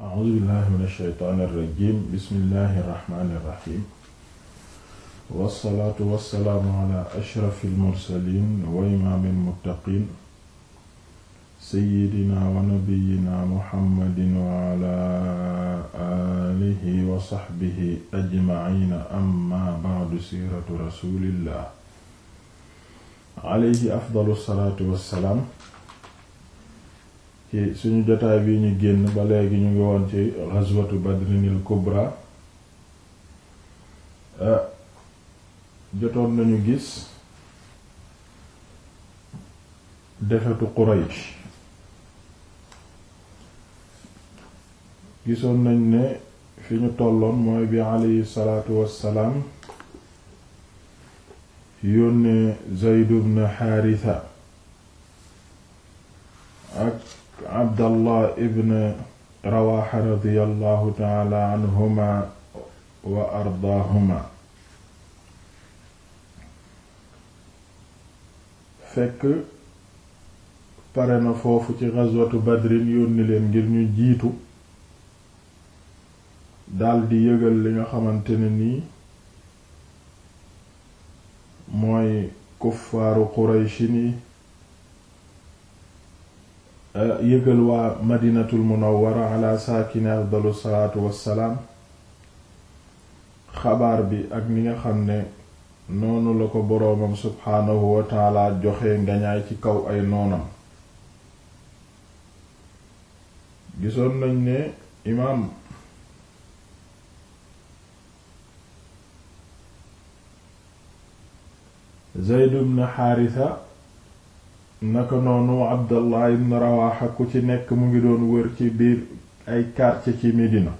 a'uuzu billahi min ashaytaani irrajim bismillahi irrahmani irrahim wassalaatu wassalaamu ala ashraf almursalin wa imaam almuttaqin sayyidina wa nabiyyina muhammadin wa ala aalihi wa sahbihi ajmaciina amma ba'du siiratu rasulillah alayhi afdalu salaatu wassalaam ci suñu jotaay bii ñu génn ba léegi ñu ngi woon ci ghazwatu badrinil kubra ah, jotoon nañu gis defetu Quraysh gisoon nañ ne fi ñu tolloon mooy bi alayhi salaatu wassalaam yónnee Zayd ibn ak abdallah ibn rawaxa radiyallahu taala anhuma wa ardaahuma fekk pare na foofu ci ghazwatu badrin yónni leen ngir ñu jiitu daldi yëgal li nga xamante ne nii mooy kuffaaru qurayshin yi yëgal waa madinatul munawwara ala saakine afdalu salaatu wassalaam xabaar bi ak ni nga xam ne noonu la ko boroomam subhaanahu wa joxe ngañaay ci kaw ay noonam gisoon nañ ne imaam zeyd bnu xaarisa naka noonu abdallah ibn rawaxa ku ci nekk mu ngi doon wër ci biir ay quartier ci Medina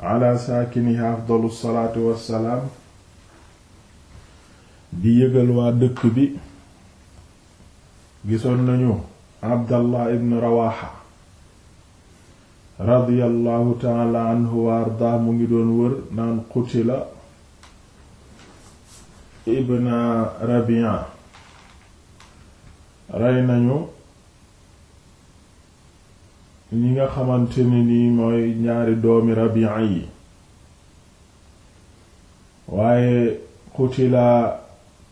ala saakiniha afdalu salaatu wassalaam di yëgal waa dëkk bi gisoon nañu abdallah ibn rawaxa radiyallahu taala anhu wa ardaa mu ngi doon wër naan qutila ibna rabia rey nañu ñi nga xamante ni ni mooy ñaari doomi Rabi'a yi waaye qutila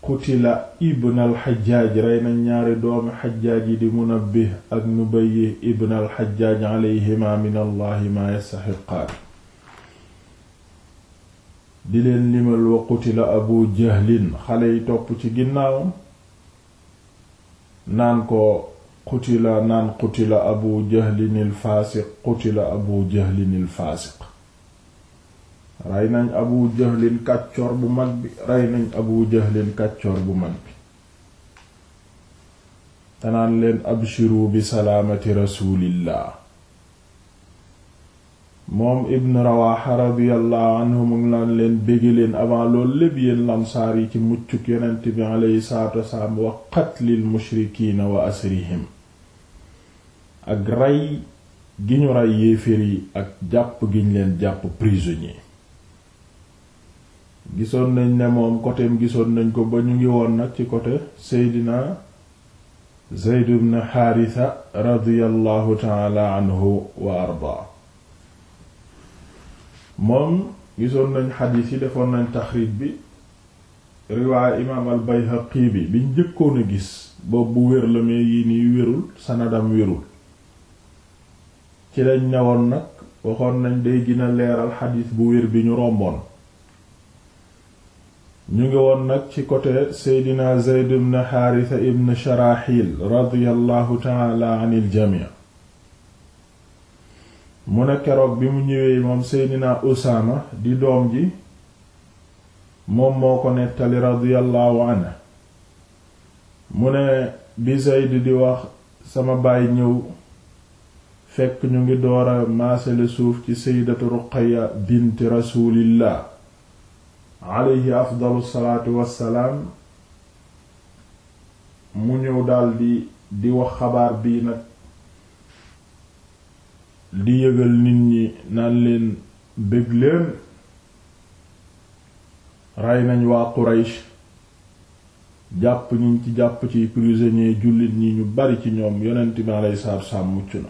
qutila ibn al-Hajjaj rey nañ ñaari doomi Hajjaj yi di Munabbih ak Nubayy ibn al-Hajjaj alayhima min Allah ma di leen limal wa la Abu Jahlin xale yi topp ci ginnaawam naan ko qutila naan qutila abu jahlinil faasiq qutila abu jahlinil faasiq rey nañ abu jahlin kàccoor bu mag bi rey nañ abu jahlin kàccoor bu mag bi tanaan leen abshiru bi salaamati rasulillah moom ibn rawaxa radiallahu anhu mu ngi leen bége leen avant lool lépp yéen lamsaar yi ci muccuk yonent bi aleyhi salaatu wasalaam wa qatlil mushrikiina wa asrihim ak rey gi ñu rey yéeféer yi ak jàpp gi ñu leen jàpp prisonnier gisoon nañ ne moom côtéem gisoon nañ ko ba ñu ngi woon nag ci côté seydina zeyd ibn xaarisa radiallahu taala anhu wa arda moom gisoon nañ xadiis yi defoon nañ taxrij bi riwaay imaam al bi biñ njëkkoon a gis boobu bu wér la mais yi nii wérul sanadam wérul ci lañ newoon nag waxoon nañ day gina a leeral xadiis bu wér bi ñu romboon ñu ngi woon nag ci côté Seydina Zayd ibn Haarisa ibn Sharaxil radiyallahu taala anil jamii mu ne keroog bi mu ñëwee moom seydina Usaama di doom ji moom moo ko nettali radiyallahu anhu mu ne bi Zayd di wax sama baay ñëw fekk ñu ngi door a maasale suuf ci seydatu Ruqayya bint rasulillah alayhi afdalu salaatu wassalaam mu ñëw daldi di wax xabaar bii nag di yëgal nit ñi na leen bég leen rey nañ waa Quraysh jàpp ñi ci jàpp ci prisonnier jullit ñi ñu bari ci ñoom yonent bi alayhi salaatu mucc na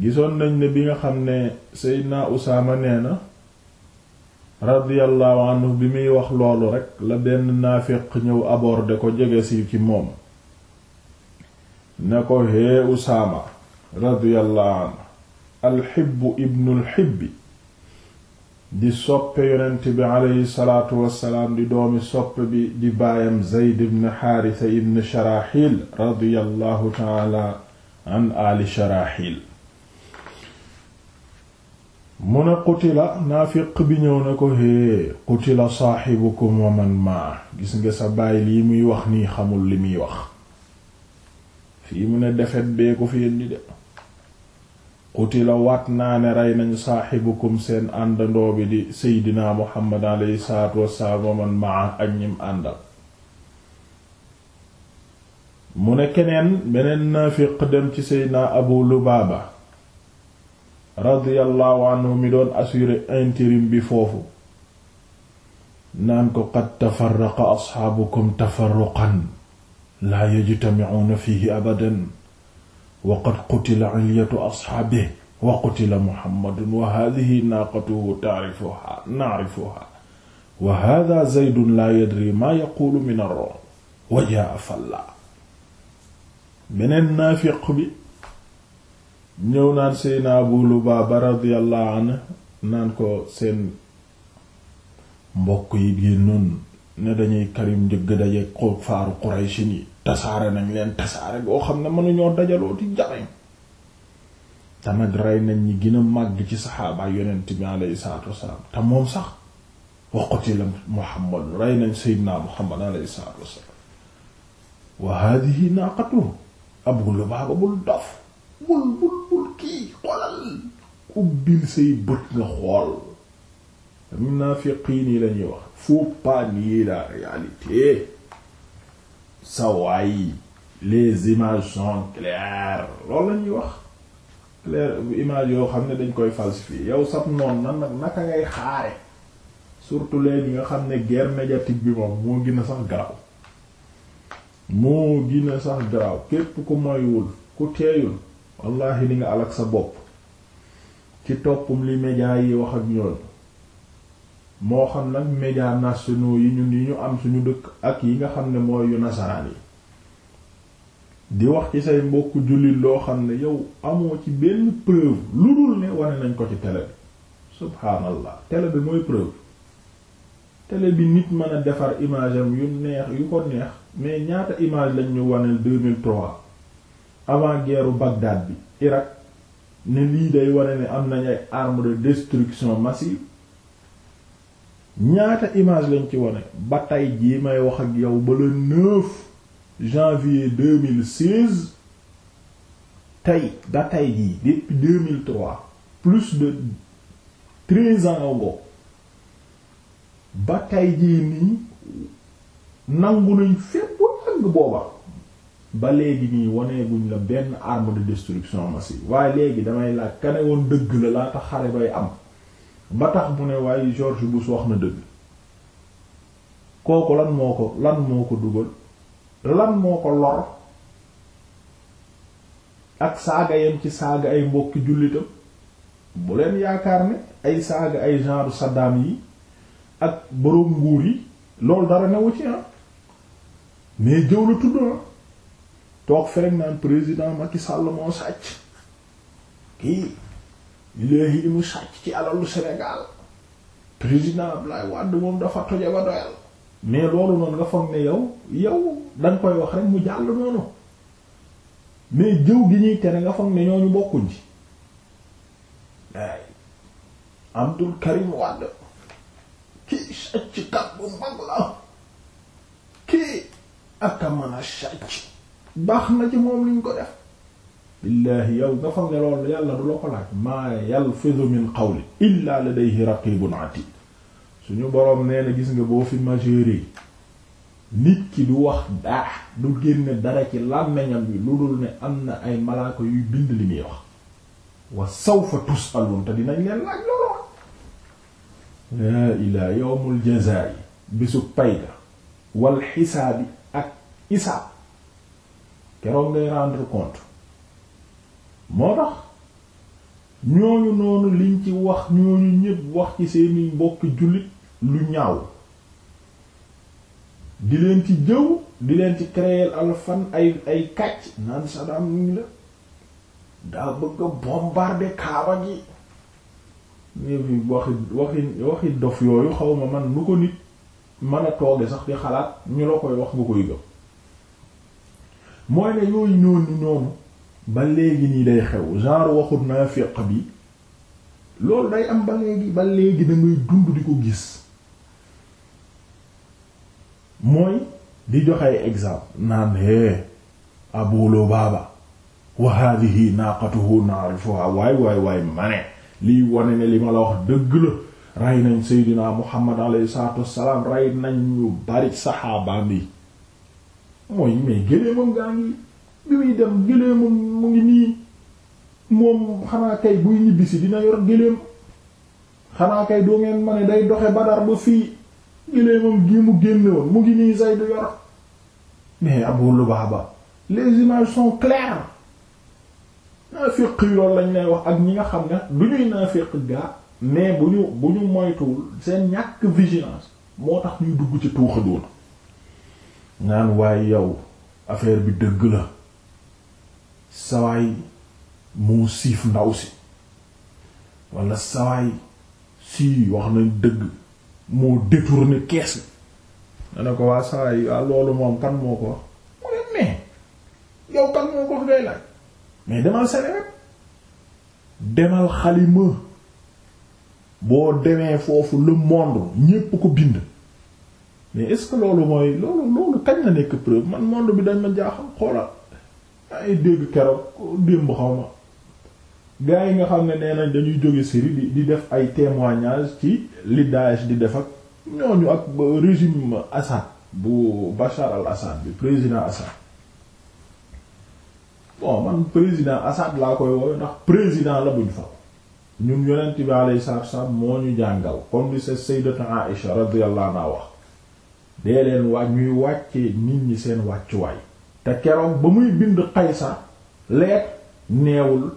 gisoon nañ ne bi nga xam ne Seydina Usaama nee na radiyallahu anhu bi muy wax loolu rekk la benn naafiq ñëw aborder ko jege si ci moom ne ko hee Usaama radiyallahu anhu alxibbu ibnul xibbi di soppe yonent bi aleyhi salaatu wassalaam di doomi soppe bi di baayam zeyd ibn xaarisa ibn sharaxil radiyallahu taala an ali sharaxil mu ne qutila naafiq bi ñëw na ko hee qutila saaxibukum wa man maa gis nga sa baay lii muy wax nii xamul li muy wax fii mu ne defet bee ko fi indi de qutila waat naa ne rey nañ saaxibukum seen àndandoo bi di seydinaa muhammad alayhi salaatu wassalaam wa man maa àndal mu ne keneen beneen naafiq dem ci seydinaa abu lubaaba radiyallahu anhu mi doon assurer intérim bi foofu naan ko qad tafarraqa asxaabukum tafarruqan laa yajtamicuuna fiihi abadan wa qad qutila ilyatu ashaabihi wa qutila muhammadun wa haadihi naaqatuhu taarifuha naarifuha wa haada zaydun laa yadri maa yaquulu min ar-ru'b wa jaa falla beneen naafiq bi ñëw naan seyna abu lubaaba radiyallahu anhu naan ko seen mbokk yi génnoon ne dañuy karim njëgg daje ko faaru quraysin yi tasaare nañ leen tasaare boo xam ne mënuñoo dajaloo di jarañ te nag rey nañ ñi gën a màgg ci saxaaba yonent bi alayhi salaatu wasalaam te moom sax waqati la Muhammad rey nañ Seydina Muhammad wa hadihi naaqatu Abu Lubaaba bul dof bul bul kii xoolal ubbil say bët nga xool munaafiqiin yi lañuy wax faut pas nier la réalité sa waay les images sont claires loolu la ñuy wax claire image yoo xam ne dañ koy falsifier yow sab noon nan nag naka ngay xaare surtout yi nga xam ne guerre médiatique bi moom moo gën a sax garaaw moo gën a sax garaaw képp ku moywul ku teeyul wallahi li nga alak sa bopp ki toppum li média yi wax ak ñoom moo xam nag médias nationaux yi ñun yi ñu am suñu dëkk ak yi nga xam ne mooy yu nasaraan yi di wax ci say mbokk jullit loo xam ne yow amoo ci benn preuve lu dul ne wane nañ ko ci télé bi subhaanallah tele bi mooy preuve télé bi nit mën a defar image am yu neex yu ko neex mais ñaata image lañ ñu waneel 2003 avant guerre Bagdad bi Irak ne lii day wane ne am nañ ay armes de destruction massive ñaata image lañ ci wone ba tey jii may wax ak yow ba le 9 janvier 2016 tey ba tey jii depuis 2003 plus de 13 ans ago ba tey jii nii nangu nañ fépp àgg booba ba léegi nii waneeguñ la benn arme de destruction massive waaye léegi damay laaj ka ne woon dëgg la laata xare bay am ba tax mu ne waaye George Bush wax na dëgg kooku lan moo ko lan moo ko dugal lan moo ko lor ak saaga yam ci saaga ay mbokki jullitam bu leen yaakaar ne ay saaga ay genre Saddam yi ak boroom nguur yi loolu dara newu ci ah mais jëw la tudd na ah. toog ferek naan président Macky Sall moo sàcc kii léegi li mu sàcc ci alalu Sénégal président Abdoulaye Wade moom dafa toje ba doyal mais loolu noonu nga foog ne yow yow danga koy wax rek mu jàll noonu mais jëw gi ñuy tere nga foog ne ñooñu bokkuñ ci ay Abdul Karim Wade kii sàcc kat bu mag baax na ci moom luñ ko def billaahi yow nga xam ne yàlla du la ko laaj maa yalfidu min qawli illa ladayhi raqibun atid suñu boroom nee gis nga boo fi majeure nit ki du wax dara du génne dara ci làmmiñam bi lu dul ne am na ay malaaka yuy bind li muy wax wa sawfa tusalun te dinañ leen laaj loolu laa ilaa yawmul jazaa bisu payga wal xisaabi ak isaab keroog ngay rendre compte moo tax ñooñu noonu liñ ci wax ñooñu ñépp wax ci seeni mbokki jullit lu ñaaw di leen ci jëw di leen ci créer alfan ay ay kàcc naan Saddam ñu la daa bëgg a bombarder Kaaba gi ñi waxi waxi waxi dof yooyu xaw ma man nu ko nit mën a tooge sax di xalaat ñu la koy wax nga koy gëm mooy ne yooyu ñoonu ñoonu ba léegi nii day xew genre waxut fiq bi loolu day am ba léegi ba léegi da dund di ko gis mooy di joxee exemple naan é Abu Lubaba wa hadhihi naqatuhu na'rifuha waay waay waay mane liy wane ne li ma la wax dëgg la rey nañ seydina Muhammad alayhi salatu wassalam rey nañ ñu bari saxaabaam yi mooy mais génee moom gaa ngi bi muy dem gëléem mu ngi nii moom xanaa kay buy ñibbisi dina yor gëléem xanaa kay doo ngeen ma ne day doxe badar ba fii gëléemam gi mu génne woon mu ngi nii Zayd yor mais lu baax les images sont claires naafiq yi loolu lañ lay wax ak ñi nga xam ne du ñuy naafiq gaa mais bu ñu bu ñu moytuwul seen ñàkk vigilance moo tax ñuy dugg ci tuuxa doon naan waaye yow affaire bi dëgg la sawaay moo siif ndaw si wala sawaay si wax nañ dëgg moo détourné kees na ne ko waa sawaay waa loolu moom kan moo ko wax mu ne yow kan moo ko wax ngay laaj mais demal Sénégal demal xalima boo demee foofu le monde ñépp ko bind mais est loolu mooy loolu loolu kañ la nekk preuve man monde bi dañ ma jaaxal xoolal ay dégg keroog démb xaw ma yi nga xam ne nee nañ jóge Syrie di def ay témoignage ci li di def ak ñooñu ak régime Assad bu Bachar al-Assad bi président Assad bon man président Assad laa koy woowe ndax président la buñ fa ñun yonent bi alayhi salaatu wasallam moo ñu jàngal comme li sa sayyidatuna Aïsha radiyallahu anha wax dee leen waaj ñuy wàccee nit ñi seen wàccuwaay te keroog ba muy bind Qaysar leet neewul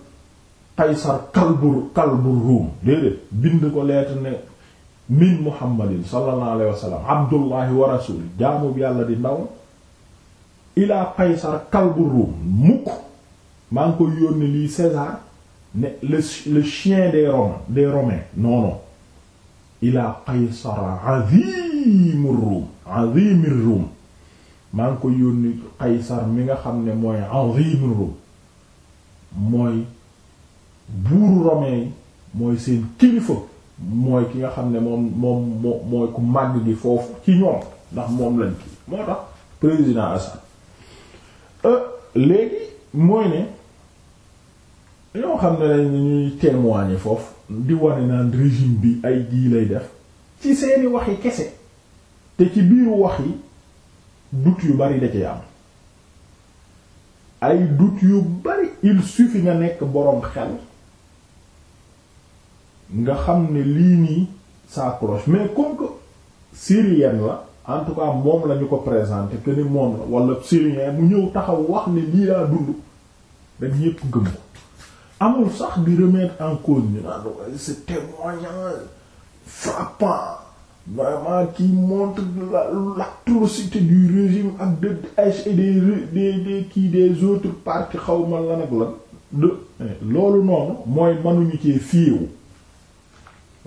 Qaysar kalbu kalbu ruum déedéet bind ko leet ne min muhammadin sallallahu alayhi abdullahi wa rasul jaamu yàlla di ndaw ilaa Qaysar kalbu ruum mukk maa ngi koy yónni lii César ne le le chien des romains des romains non non ilaa Qaysar maa ngi ko yónni Qaysar mi nga xam ne mooy azimul Rum mooy buuru romain yi mooy seen kilifa mooy ki nga xam ne moom moom mooy ku màgg gi foofu ci ñoom ndax moom lañ kii moo tax président Assad euh, léegi mooy ne ñoo xam ne lañ ñuy foofu di wane naan régime bi ay jii lay def ci seeni waxi kese te ci biiru wax yi doute yu bari da ci ay doute yu bari il suffit nga nekk boroom xel nga xam ne lii nii ça cloche mais comme que syrienne la en tout cas moom lañu ko présenter que ni moom wala syrien mu ñëw taxaw wax ni lii laa dund rek ñépp gëm amul sax di remettre en cause ñu naan c'est témoignage frappant vraiment qui montre l'atrocité du régime ak de et des des des kii des autres partis xawma lan ak la de eh, loolu noonu mooy mënuñu cee fiiwu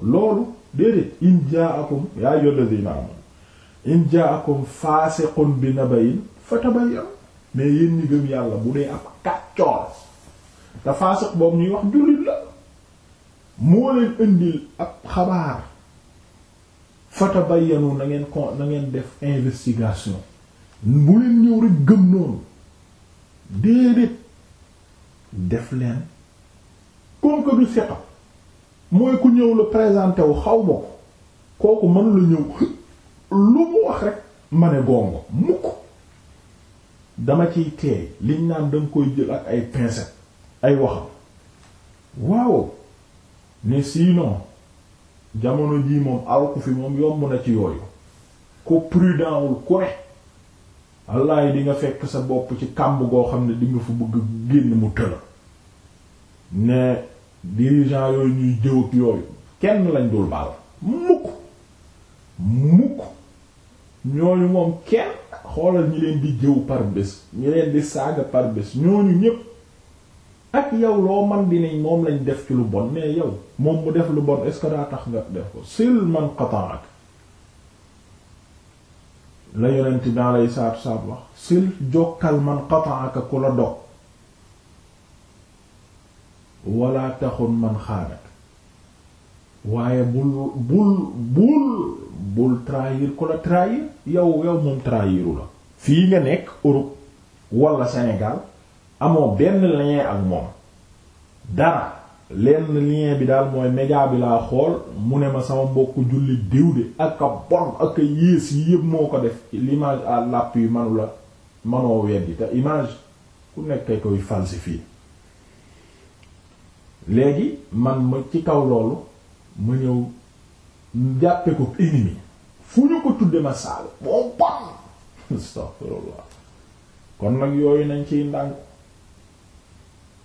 loolu déedéet in ja'akum yaa ayyuhal ladhina amanu in ja'akum fasiqun bi naba'in fatabayyanu mais yéen ñi gëm yàlla bu dee ab kàccoor te faasiq boobu ñuy wax jullit la moo leen indil ab xabaar fatabayyanu na ngeen ko na ngeen def investigation bu leen ñëw rek gëm noonu déedéet def leen comme du seqa mooy ku ñëw lu présenté wu xaw ma ko kooku mënu la ñëw lu mu wax rek ma ne gongo mukk dama ciy teey liñ naan danga koy jël ak ay pincette ay waxam waaw ne sinon jamono jii moom alku fi moom yomb na ci yooyu ku prudent wul ku ne wallaay di nga fekk sa bopp ci kàmb goo xam ne di nga fa bëgg génn mu tëla ne dirigeant yooyu ñuy jëw ak yooyu kenn lañ dul baal mukk mukk ñooñu moom kenn xoolal ñi leen di jëw par bés ñi leen di saaga par bés ñooñu ñépp ak yow loo man di ne moom lañ def ci lu bon mais yow moom mu def lu bon est-ce que daa tax nga def ko sil man qata'ak la yonent bi alayhi salaatu wassalaam wax sil jokkal man qata'aka ku la dog wala man xaanak waaye bul bul bul trahir ku la trahir yow yow moom trahiru la fii nga nekk Europe walla Sénégal amoo benn lien ak moom dara lenn lien bi daal mooy média bi laa xool mu ne ma sama mbokk julli diw de ak a bon ak a yées yi yëpp moo ko def l'image à l'appui manu la manoo weddi te image ku nekk koy falsifier léegi man ma ci kaw loolu ma ñëw jàppe ko ennemi fu ñu ko tudde ma saal boo bon astaghfirullah kon nag yooyu nañ ciy ndànk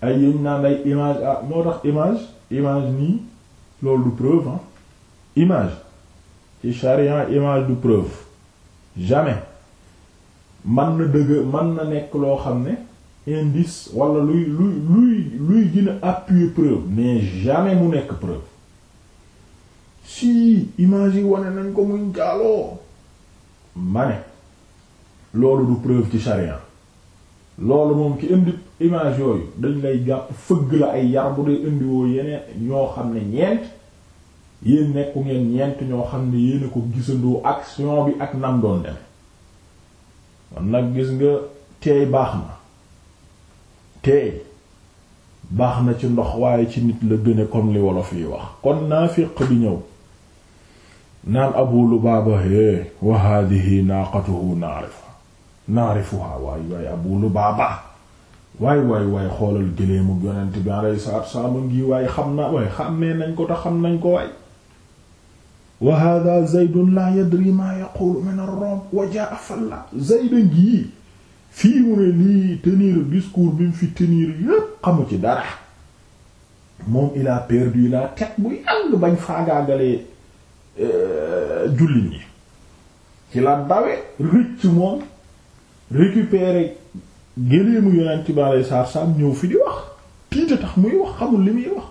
ay yéen naan ay image ah moo tax image image nii loolu du preuve ah image ci charia image du preuve jamais man na dëgg man na nekk loo xam ne indice wala luy luy luy luy gën a appuyer preuve mais jamais mu nekk preuve si image yi wane nañ ko muñ jaaloo ma ne loolu du preuve ci charia loolu moom ki indi image yooyu dañ lay jàpp fëgg la ay yar bu dee indiwoo yeneen ñoo xam ne ñeent yéen nekku ngeen ñeent ñoo xam ne yéen a ko gisandoo action bi ak nam doon dem man nag gis nga teey baax na teey baax na ci ndox waaye ci nit la gëne comme li wolof yi wax kon naafiq bi ñëw naan abu lubaaba hee wa hadihi naaqatuhu naarifa naarifuha waay waay abu lubaaba waay waay waay xoolal gëleemu yonent bi alayhi salaatu wassalaam ngi waay xam na waay xàmmee nañ ko te xam nañ ko waay wa hada zaydun la yadri ma yaqulu min ar-rum wa jaa falla zayd ngi fii mu ne lii tenir discours bi mu fi tenir yépp xamu ci dara moom il a perdu la tête bu yàgg bañ faagaagalee euh, jullit ñi ci la dawe rëcc moom récupérer géléemu yonent bi alayhi salaam ñëw fi di wax tiita tax muy wax xamul li muy wax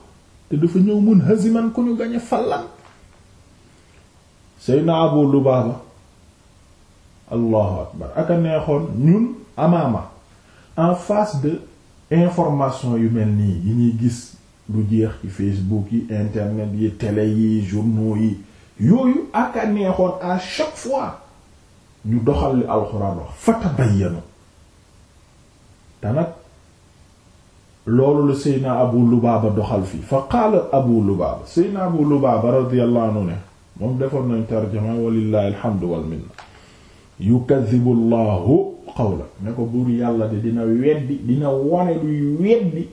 te dafa ñëw mun hasiman ku ñu gañe fallan Seydina Abu Lubaaba allahu akbar ak a neexoon ñun amaama en face de information yu mel nii yi ñuy gis lu jeex ci Facebook yi internet yi télé yi journaux yi yooyu ak a neexoon à chaque fois ñu doxal li alxuraan wax fatabayyanu te nag loolu la seydna abu lubaaba doxal fii fa qaala abu lubaaba seydna abu lubaaba radiyallahu anhu ne moom defoon nañ tarjama walillahi alhamdu wal minna yukadibu llahu qawla ne ko buur yàlla de dina weddi dina wone luy weddi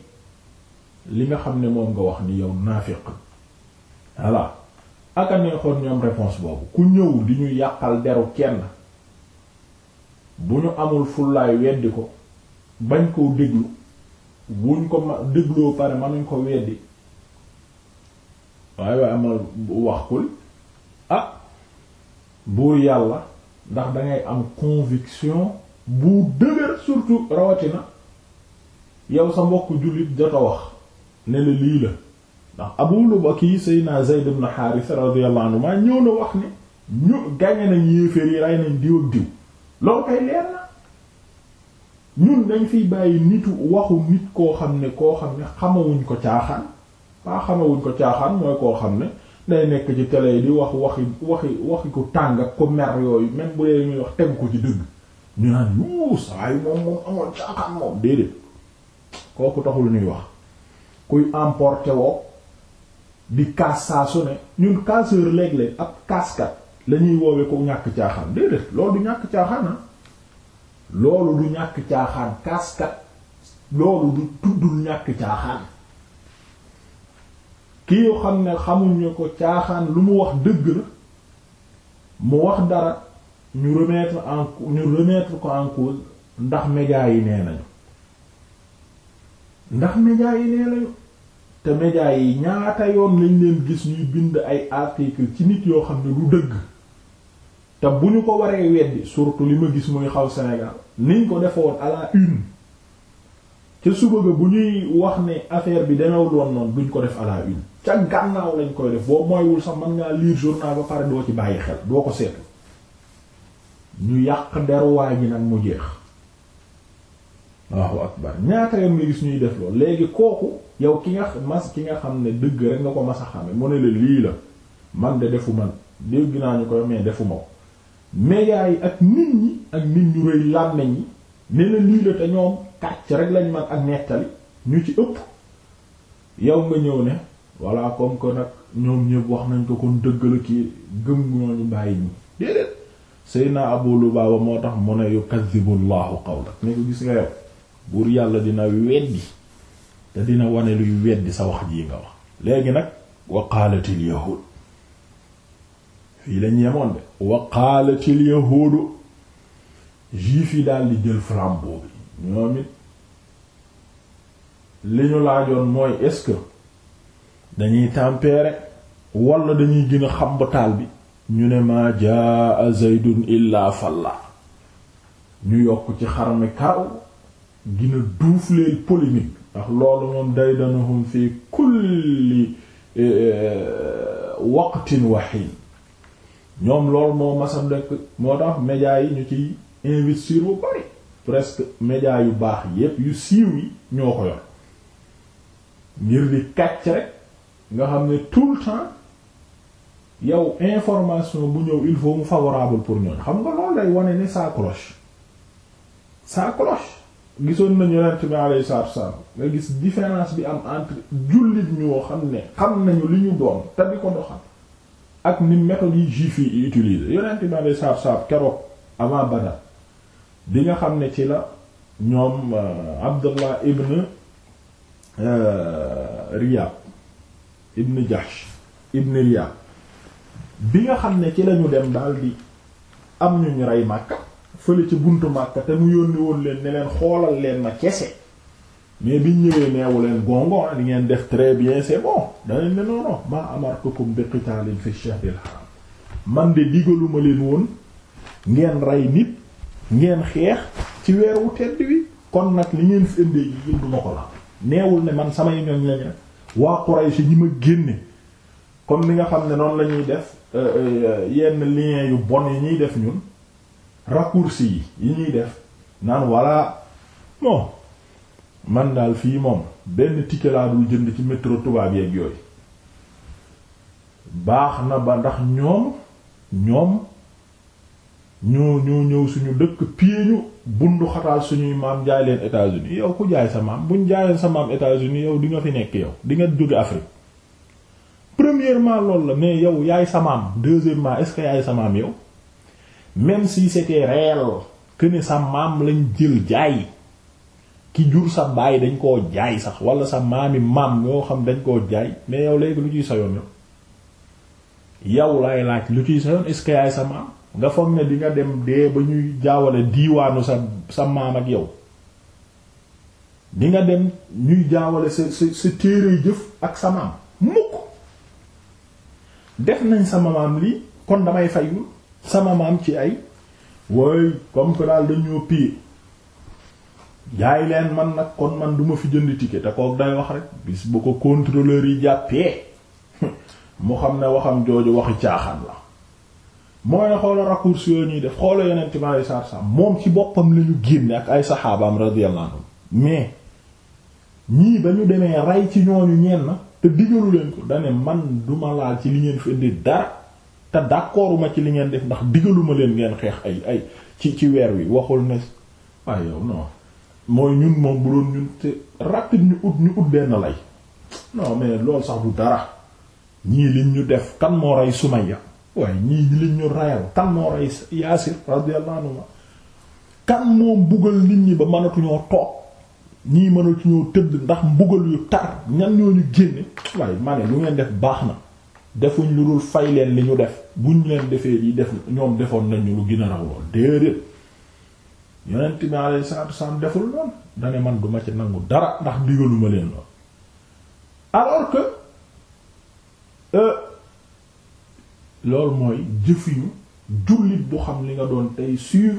li nga xam ne moom nga wax ni yow naafiq voilà aka neexoon ñu am boobu ku ñëw di ñu yàqal deru kenn bu ñu amul fullaay weddi ko bañ koo déglu buñ ko ma dégloo pare manuñ ko weddi waaye waaye amal waxkul ah buur yàlla ndax dangay am conviction bu dëgër surtout rawatina yow sa mbokk jullit jot a wax ne la lii la ndax Abu Lubaki Seydina Zayd ibn Haarisa radiyallahu anhu maa ñëw na wax ne ñu gañe nañ yéeféer yi rey nañ diw diw loolu kay leer ñun dañ fi bàyyi nitu waxu nit koo xam ne koo xam ne xamawuñ ko caaxaan waa xamawuñ ko caaxaan mooy koo xam ne day nekk ci télé yi di wax waxi waxi waxi ku tàng ak ko mer yooyu même bu dee muy wax tegu ko ci dëgg ñu naan yu saay moom moom amoon caaxaan moom déedéet kooku taxul ñuy wax kuy emporté woo di kaas saa su ne ñun casseur léeg-léeg ab kaaskat la ñuy ko ñàkk caaxaan déedéet loolu ñàkk caaxaan ah. loolu du ñàkk caaxaan kaaskat loolu du tuddul ñàkk caaxaan kii yoo xam ne xamuñu ko caaxaan lu mu wax dëgg la mu wax dara ñu remettre en ñu ndax médias yi nee nañu ndax médias yi nee nañu te médias yi ñaata yoon lañ leen gis ñuy bind ay articles ci nit yoo xam ne du dëgg te bu ñu ko waree weddi surtout li ma gis muy xaw Sénégal niñ ko defoon à la une ca suba ga bu ñuy wax ne affaire bi demewul woon noonu duñ ko def à la une ca gànnaaw lañ koy def boo mooywul sax mën ngaa lire journal ba pare doo ci bàyyi xel doo ko seetu ñu yàq deruwaay gi nag mu jeex waaw akbar ñaata yoon nga gis ñuy léegi kooku yow ki nga mas ki nga xam ne dëgg rek nga ko mas a xame mu ne leen lii la man de defu man dégg naa ñu koy mais defu ma ko médias yi ak nit ñi ak nit ñu rëy làmmeñ yi ne la lii la te ñoom kàcc rek lañ mag ak nettali ñu ci ëpp yow nga ñëw ne voilà comme que nag ñoom ñëpp wax nañ ko kon dëgg la kii gëm ñooñu bàyyi ñi déedéet Seydina Abu Lubaba moo tax mu ne yukazzibu Allahu qawlak ne ko gis nga yow buur yàlla dina weddi te dina wane luy weddi sa wax jii nga wax léegi nag wa qalatil fii lañ yemoon de wa qaalatil yahuudu juif yi daal di jël flambeau bi ñoom it li ñu laajoon mooy est dañuy tempérer wala dañuy gën a bi ñu ne maa jaa zaydun illaa falla ñu yokk ci xarmi karaw gina duufleel polémique ndax loolu moom day danahum fi kulli eh, eh, waqtin waxiin ñoom lool moo masam nekk moo tax médias yi ñu ciy investir bu bari presque médias yu baax yépp yu siiw yi ñoo ko yor ngir di kàcc rek nga xam ne tout le temps yow information bu ñëw il faut mu favorable pour ñooñ xam nga loolu day wane ni ça cloche ça cloche gisoon nañu yonent bi alayhi salaatu wasallam nga gis différence bi am entre jullit ñoo xam ne xam nañu li ñu doon te di ko doxal ak ni méthodes yi juif yi utilisé yonent bi alei saab-saab keroog avant Badar bi nga xam ne ci la ñoom euh, Abdullah ibn euh, Riyab ibn Jahsh ibn Riyab bi nga xam ne ci lañu dem daal di am ñu ñu rey Makka fële ci buntu Makka te mu yónni woon leen ne leen xoolal leen na kese mais bi ñëwee neewu leen gongo li ngeen def très bien c'est bon danañ ne non non maa amartukum bi qitaalin fi shahril haram man de digaluma leen woon ngeen rey nit ngeen xeex ci weer wu tedd wi kon nag li ngeen fi indee yi duma ko la neewul ne man samay ñoñ lañ rek waa ñi ma génne comme ni nga xam ne noonu la def euh, euh, yenn lien yu bon yi ñuy def ñun raccourci yi ñuy def naan voilà bon man daal fii moom benn ticket laa dul jënd ci métro tubaab yeeg yooyu baax na ba ndax ñoom ñoom ñoo ñoo ñëw suñu dëkk piiñu bundu xataal suñuy maam jaay leen États-Unis yow ku jaay sa maam buñ jaayeen sa maam États-Unis yow di nga fi nekk yow di nga jóge Afrique premièrement loolu la mais yow yaay sa maam deuxièmement est yaay sa maam yow même si c'était réel que ne sa maam lañ jël jaay. ki jur sa baay dañ koo jaay sax wala sa maami maam yoo xam dañ koo jaay mais yow léegi lu ciy sa yoon yow laay laaj lu ciy sa yoon est yaay sa maam nga foog ne di nga dem dee ba ñuy jaawale diiwaanu sa sa maam ak yow di nga dem ñuy jaawale sa sa sa jëf ak sa maam mukk def nañ sama maam lii kon damay fayul sama maam ci ay wooy comme que daal dañoo pii jaay leen man nag kon man duma fi jënd ticket te kook day wax rek bis bu ko contrôleur yi jàppee mu xam ne waxam jooju waxi caaxaan la mooy ne xoola raccourci yoo ñuy def xoola yeneen ma ay sam moom ci boppam lañu génne ak ay saxaabaam radiyallahu anhum mais ñii ba ñu demee rey ci ñooñu ñeen na te digalu leen ko dane man duma laal ci li ngeen fi indi dara te d'accorduma ci li ngeen def ndax digaluma leen ngeen xeex ay ay ci ci weer wi waxul ne waaye ah, yow non mooy ñun moom bu doon ñun te rapide ñu ut ñu ut benn lay non mais loolu sax du dara ñii liñ ñu def kan moo rey ya waaye ñii liñ ñu reyal kan moo rey Yaasir radiyallahu anhu kan moo mbugal nit ñi ba ñoo toog ñii mënatuñoo tëdd ndax mbugal yu tar ñan ñoo ñu génne waaye ma lu ngeen def baax na defuñ lu dul fay leen li ñu def buñ leen defee yi def ñoom defoon nañ ñu lu gën raw lool déedéet yonent bi alayhi salaatu wasalaam deful noonu dane man duma ci nangu dara ndax digaluma leen lool alors que euh, loolu mooy jëf yu jullit bu xam li nga doon tey suivre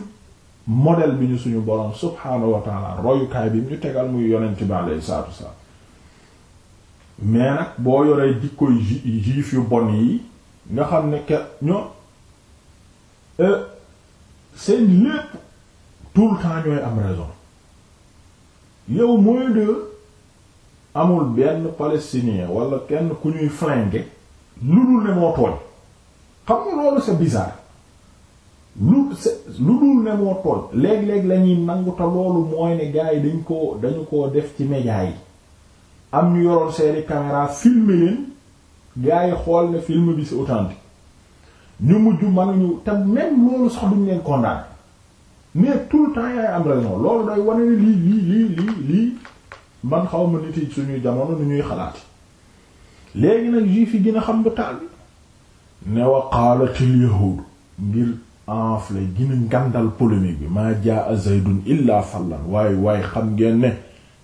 modèle bi ñu suñu borom subhaanahu wa royukaay bi ñu tegal muy yonent bi alayhi saatu wasalaam mais nag boo yoree jikkoy juif yu bon yi nga xam ne ke ñoom euh, seen lépp tout le temps ñooy am raison yow moins de amul benn palestinien wala kenn ku ñuy flinguer lu dul ne moo tooñ xam nga loolu c'est bizarre lu lu dul ne moo tooñ léeg-léeg la ñuy nangu te loolu mooy ne gars yi dañ ko dañu koo def ci médias yi am ñu yoroon seeni caméra filmer leen gars yi xool ne film bi c'est authentique ñu mujj ñu te même loolu sax duñ leen condamné mais tout le am raison loolu day wane ne lii lii lii lii lii man xaw ma nit yi suñuy jamono nu ñuy xalaat léegi nag juif yi gën a xam lu taal bi ne wa qaalatil yahud ngir enflé gina ngàndal polémique bi maa jaa zaydun illa fallan waaye waaye xam ngeen ne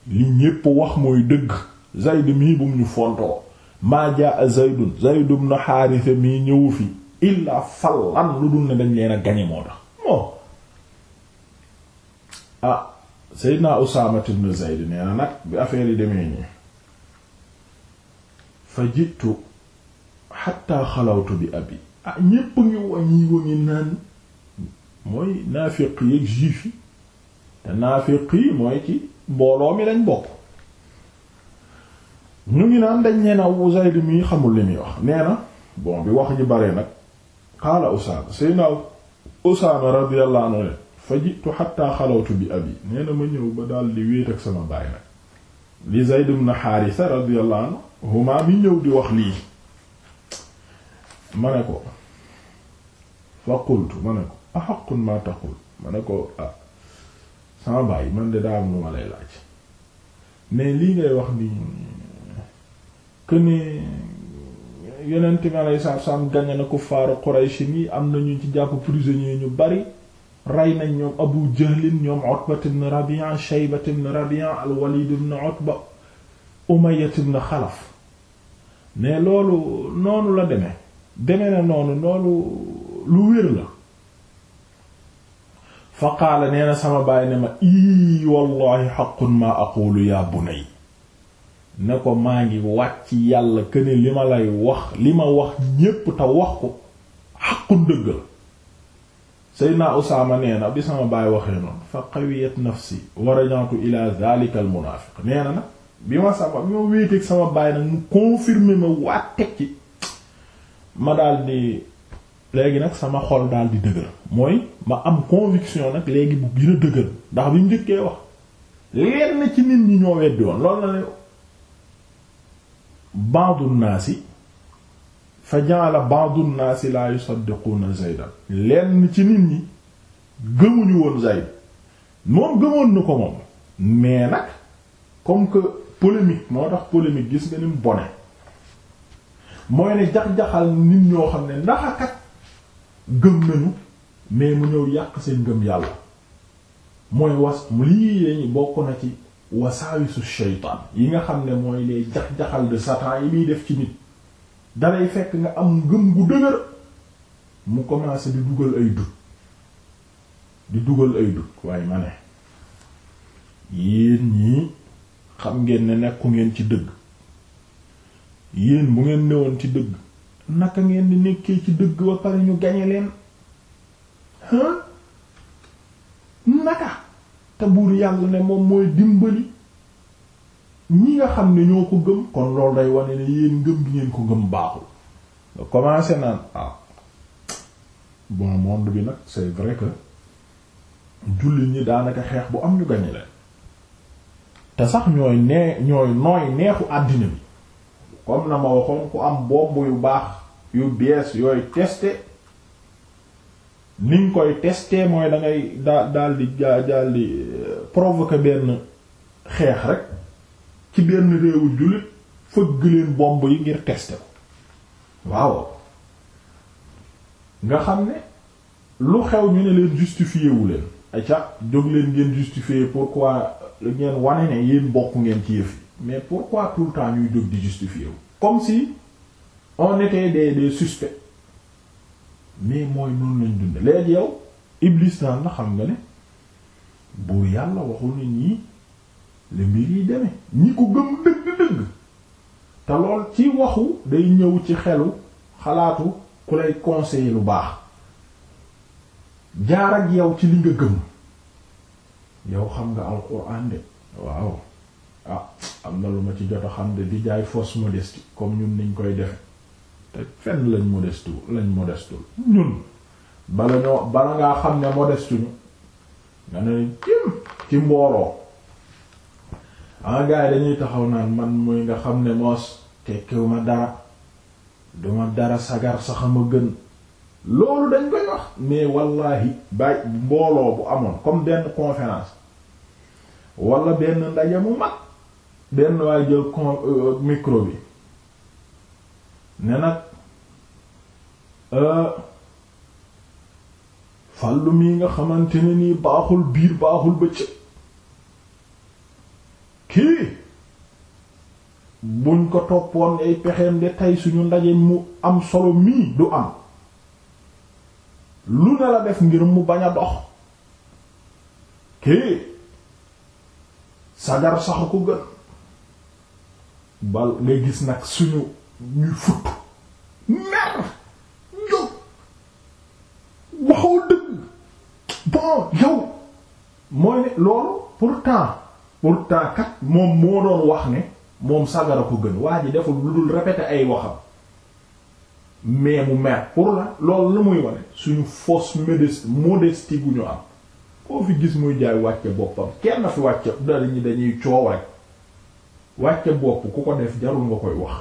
li ñépp wax mooy dëgg zayd mii bum ñu fontoo maa jaa zaydun zaydum na xaarisa mii ñëwu fi illa fallan lu dul ne dañ leen a gañe moo tax ah Seydina Usaama ibn Zayd nee na nag bi affaire yi demee nii fa jiitu xatta xalawtu bi abi ah ñépp ngi waññi wa ngi naan mooy naafiq yi ak juif yi te naafiq yi mooy ci mbooloo mi lañ bokk ñu ngi naan dañ nee na Zayd mi xamul li muy wax nee na bon bi wax ji bare nag qaala Usaama Seydina Usaama radiyallahu anhu fa jitu xatta bi abi nee na ma ñëw ba daal di wéet ak sama baay nag li Zayd ibn Haarisa radiyallahu anhu huma mi ñëw di wax lii ma ne ko fa ma ne ko ahaqqun ma taqul ma ne ah sama baay man de daa am lu ma lay laaj mais lii ngay wax ni que ni yonent mi alayhi salaam gañe na kuffaaru Quraysh ni am nañu ci jàpp prisonnier ñu bari rey nañ ñoom abu jahlin ñoom utbat ibn rabi'a shaybat ibn rabi'a al walid ibn utba umayyat xalaf mais loolu noonu la demee demee na noonu loolu lu wér la fa qaala nee na sama bàyyi ne ma ii wallahi xaqun aqulu yaa bunay ne ko maa ngi wàcc yàlla këne li ma lay wax li ma wax ñépp te wax ko xaqun dëgg la Seydina Usaama nee na bi sama baay waxee noonu fa qawiyat nafsi wa raja'tu ila zaalika al munaafiq nee na nag bi ma sama bi ma wéeteeg sama baay nag mu confirmer ma waat ci ma daal di léegi nag sama xol daal di dëgër mooy ma am conviction nag léegi bu gën dëgër ndax bi njëkkee wax leer na ci nit ñi ñoo weddi woon loolu la ne ba'du naasi fa ja'ala ba'du nnaasi laa yusaddiquuna Zaydan lenn ci nit ñi gëmuñu woon Zayd moom gëmoon na ko moom mais nag comme que polémique moo tax polémique gis nga ni mu bone mooy ne jax-jaxal nit ñoo xam ne ndax kat gëm nañu mais mu ñëw yàq seen gëm yàlla mooy was lii lañu bokk na ci wasaawisu shaytaan yi nga xam ne mooy les jax-jaxal de satan yi muy def ci nit dalay fekk nga am ngëm gu dëgër mu commencé di dugal ay dut di dugal ay dut waaye ma ne yéen ñii xam ngeen ne nekku ngeen ci dëgg yéen bu ngeen newoon ci dëgg naka ngeen di nekkee ci dëgg ba pare ñu gañe leen naka te buur yàlla ne moom mooy dimbali ñi nga xam ne ñoo ko gëm kon loolu day wane ne yéen ngëm gi ngeen ko gëm baaxul nga commencé naan ah bon monde bi nag c'est vrai que jullit ñi daanaka xeex bu am ñu gañe leen te sax ñooy neex ñooy nooy neexu àddina bi comme na ma waxoon ku am bomb yu baax yu bees yooy tester niñ koy tester mooy da ngay da daldi daldi euh, provoquer benn xeex rek ci benn réewu jullit fëgg leen bomb yi ngir tester ko waaw nga xam ne lu xew ñu ne leen justifié wu leen aca jóg leen ngeen justifié pourquoi ngeen wane ne yéen bokk ngeen ci yëf yi mais pourquoi tout le temps ñuy jóg di justifié wu comme si on était des des suspects mais mooy noonu lañ dunde léegi yow Iblis naan la xam nga ne buur yàlla waxul ne ñii le mbir yi demee ñi ko gëm dëgg-dëgg te lool ci waxu day ñëw ci xelu xalaatu ku lay conseiller lu baax jaar ak yow ci li nga gëm yow xam nga alxuraan de waaw ah am na lu ma ci jot a xam de di jaay fausse modestie comme ñun niñ koy defe te fenn lañ modestu lañ modestul ñun bala ñoo bala ngaa xam ne modestuñu nga ne jëm ci mbooloo ah gars yi dañuy taxaw naan man muy nga xam ne moos tekkiw ma dara duma dara sagar sax ma gën loolu dañ koy wax mais wallahi bay mbooloo bu amoon comme benn conférence wala benn ndaje mu mag benn waay jël con euh, micro bi ne nag euh, fàllu mii nga xamante ne nii baaxul biir baaxul bëccëg kii buñ ko toppoon ay pexeem de tey suñu ndaje mu am solo mii du am lu ne la def ngir mu bañ a dox kii sagar saxu ko gën bal nga gis nag suñu ñuy futt mer jóg waxoo dëgg bon yow mooy ne loolu pourtant pourtant kat moom moo doon wax ne moom sagara ko gën waa ji deful lu dul répéter ay waxam mais mu mer pour la lool lu muy wane suñu fausse modestie modestie gu ñu am koo fi gis muy jaay wàcce boppam kenn fi wàcce dara ñi dañuy coow rek wàcce bopp ku ko def jarul nga koy wax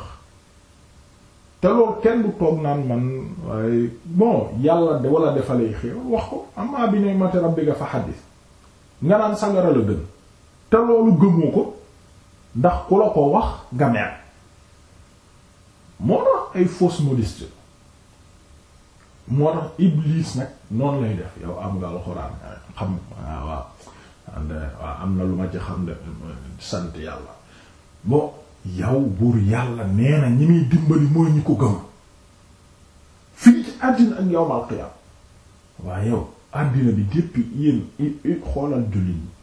te loolu kenn du toog naan man waaye bon yàlla de wala defalay xéewal wax ko amma bi ne mata rabbika fa xaddis nga naan sagara la gën te loolu gëmoo ko ndax ku la ko wax nga mer moo tax ay fausse modestie moo tax Iblis nag noonu lay def yow am nga alxuraan xam waaw waaw am na lu ma ci xam sant yàlla bon yow buur yàlla nee na ñi muy dimbali mooy ñi ko gëm fii ci àddina ak yowmal qiyaam waaye yow àddina bi depuis yéen xoolal jullit ñi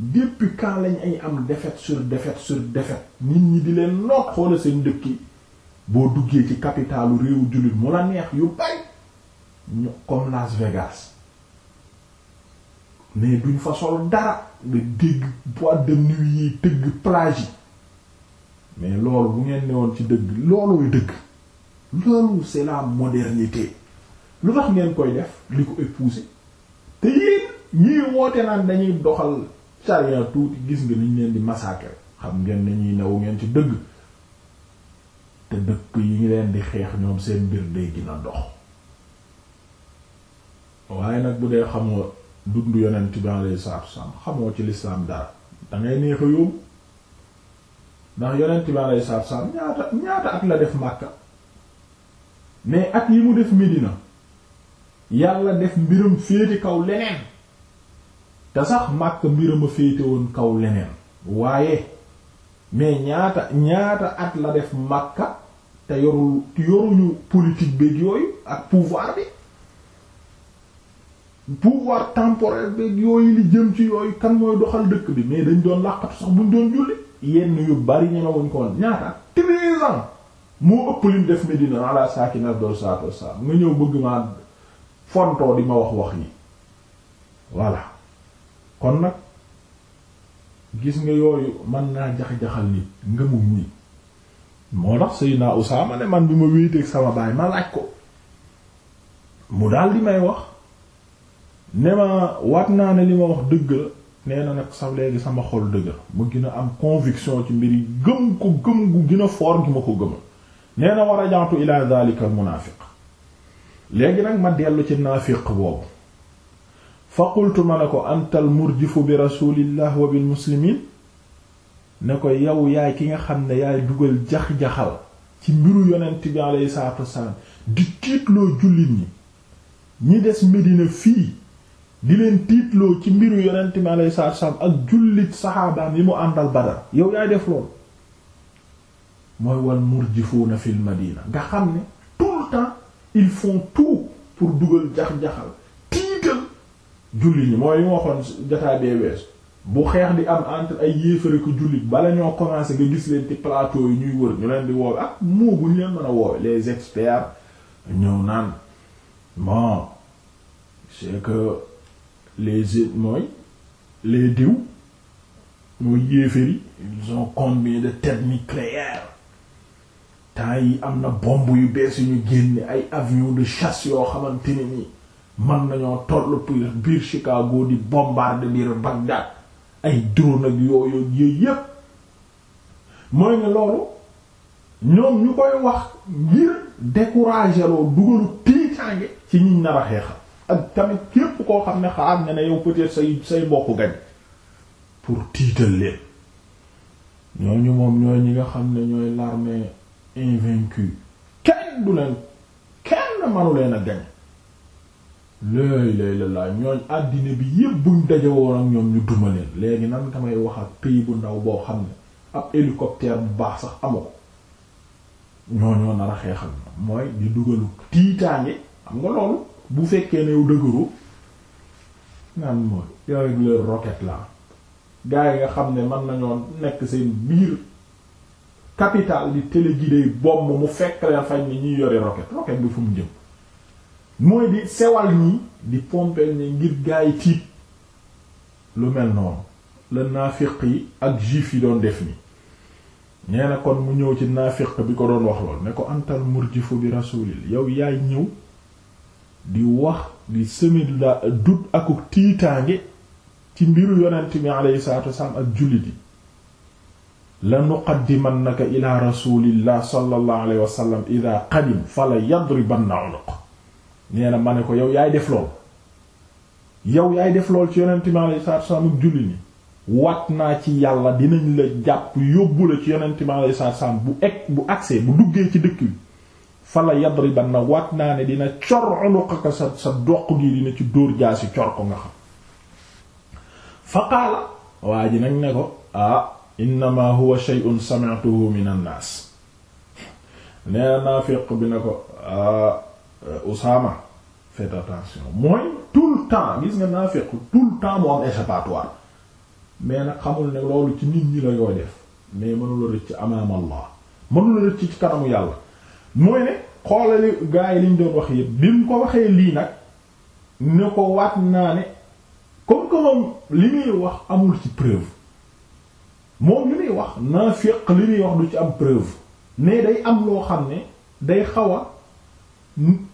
depuis quand lañ ay am défaite sur défaite sur défaite nit ñi di leen noot xoola seen dëkk yi boo duggee ci capitalu réewu jullit mu la neex yu bay ñu comme Las Vegas mais duñ fa sol dara nga dégg boîte de nuit yi tëgg plage yi mais loolu bu ngeen newoon ci dëgg loolooy dëgg loolu c'est la modernité lu tax ngeen koy def li ko épouser te yéen ñii woote naan dañuy doxal sariya tuuti gis nga niñ leen di massacre xam ngeen ne ñuy new ngeen ci dëgg te dëkk yi ngi leen di xeex ñoom seen mbir day gën a dox waaye nag bu dee xamoo dund yonent bi alayhi salaatu wassalaam xamoo ci lislaam dara dangay neex a ndax yonent bi alayhi salaatu ñaata ñaata at la def Màkka mais at yi mu def Medina yàlla def mbiram féete kaw leneen te sax makk mbiram a féete woon kaw leneen waaye mais ñaata ñaata at la def Makka te yorul yoruñu politique beeg yooyu ak pouvoir bi pouvoir temporel beeg yooyu li jëm ci yooyu kan mooy doxal dëkk bi mais dañ doon làqatu sax buñ doon julli yenn yu bari ñemewuñ ko woon ñaata treize moo ëpp lim def Medina ala saaki na dool saatu saam nga ñëw bëgg ma fontoo di ma wax wax yi voilà kon nag gis nga yooyu man naa jax-jaxal nit ngëmum nit moo tax Seydina Usaama ne man bi ma wéeteeg sama baay ma laaj ko mu daal di may wax ne ma waat naa ne li ma wax dëgg la nee na nag sax léegi sama xol dëgg mu gën a am conviction ci mbir yi gëm ko gëm gu gën a fort gi ma ko gëma nee na war a jaatu ila zalika al léegi nag ma dellu ci naafiq boobu fa qultu ma ne ko antal murjifu bi rasulillah wa bil muslimin ne ko yow yaay ki nga xam ne yaay dugal jax-jaxal ci mbiru yonent bi aleyhi salatu wassalaam di tiitloo jullit ñi ñi des Medina fii di leen tiitloo ci mbiru yonent bi aleyhi salatu wassalaam ak jullit saxaabaam yi mu àndal Badar yow yaay def loolu mooy wal murjifuuna fil madina nga xam ne tout temps ils font tout pour dugal jax-jaxal julli ñi mooy li ma waxoon jotaay bee weesu bu xeex di am entre ay yéefare ko jullit bala ñoo commencé nga gis leen ci plateau yi ñuy wër di woowe ak moo bu ñu leen mën a woowe les experts ñëw naan bon c'est que les mooy les diw mooy yéefar yi ils ont combien de têtes nucléaires temps yi am na bombe yu bees yu ñu génne ay avions de chasse yoo xamante ne nii man nañoo toll pir biir Chicago di bombarder biir Bagdad ay drone ak yooyu yooyu yépp mooy ne loolu ñoom ñu koy wax ngir décourager loo dugalu tiitaange ci ñiñ nar a xeexal ak tamit képp koo xam ne xaar nga ne yow peut-être say say mbokk gañ pour tiital leen ñooñu moom ñooy ñi nga xam ne ñooy l'armée invaincue kenn du leen kenn manu leen a gañ lay lay la ñooñ àddina bi yépp buñ daje woon ak ñoom ñu duma léegi nan nga wax ak pays bu ndaw boo xam ne ab hélicoptère bu baax sax amu ko ñooñoo nar a xeexal mooy di dugalu tiitaange xam nga bu fekkee ne yow dëgëru mooy yow ak leur la gaa yi nga xam ne man nañoo nekk seen biir capital di téléguidé bomb mu fekk leen fañ ni ñuy yore roquette roquette bi fu mu jëm mooy di sewal ñi di pomper ñi ngir gaay tiit lu mel noonu la naafiq yi ak juif yi doon def ni nee kon mu ñëw ci naafiq bi ko doon wax lool ne ko antal murjifu bi rasulil yow yaay ñëw di wax di semer la doute ak tiitaange ci mbiru yonent bi alayhi salaatu wasalaam ak jullit yi la nuqaddimannaka ila rasulillah sallallahu alayhi wasallam ida qadim fala yadribanna unuq nee na ma ne ko yow yaay def lool yow yaay def lool ci yonent mi alayhi salaatu ak julli ni wat naa ci yàlla dinañ la jàpp yóbbu la ci yonent mi alayhi salaatu bu egg bu agsee bu duggee ci dëkk bi fala yadriban na wat naa ne dina cor unuqaka sa sa doq gi dina ci dóor jaasi cor ko nga xam fa qaala waa ji nag ne ko ah innama huwa shay'un sami'tuhu min an naas nee naafiq bi ne ko ah, Usaama euh, faites attention mooy tout le temps gis nga naafiq tout le temps mu am échappatoire mais nag xamul ne loolu ci nit ñi la koy def mais mënula rëcc amaam Allah mënula rëcc ci kanamu yàlla mooy ne xoolali gaa yi liñ doo wax yëpp bi mu ko waxee lii nag ne ko waat naa ne comme que li muy wax amul ci preuve moom li muy wax naafiq li muy wax du ci am preuve mais day am loo xam ne day xawa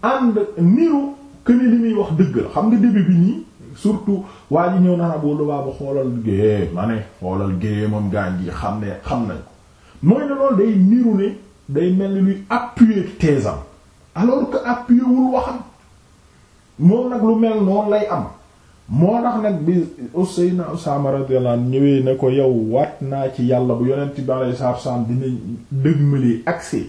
ànd niru këni li muy wax dëgg la xam nga début bi nii surtout waa ji ñëw naan boo ba xoolal géej ma ne xoolal géej moom gaañ gi xam ne xam nañ ko mooy ne loolu day niru ne day mel ni luy appuyer thèse am alors que appuyer moom nag lu mel noonu lay am moo tax nag bi Usayna Usaama radiyallahu anhu ñëwee ne ko yow waat naa ci yàlla bu yonent bi alayhi dina wassalaam dinañ dëgmali accès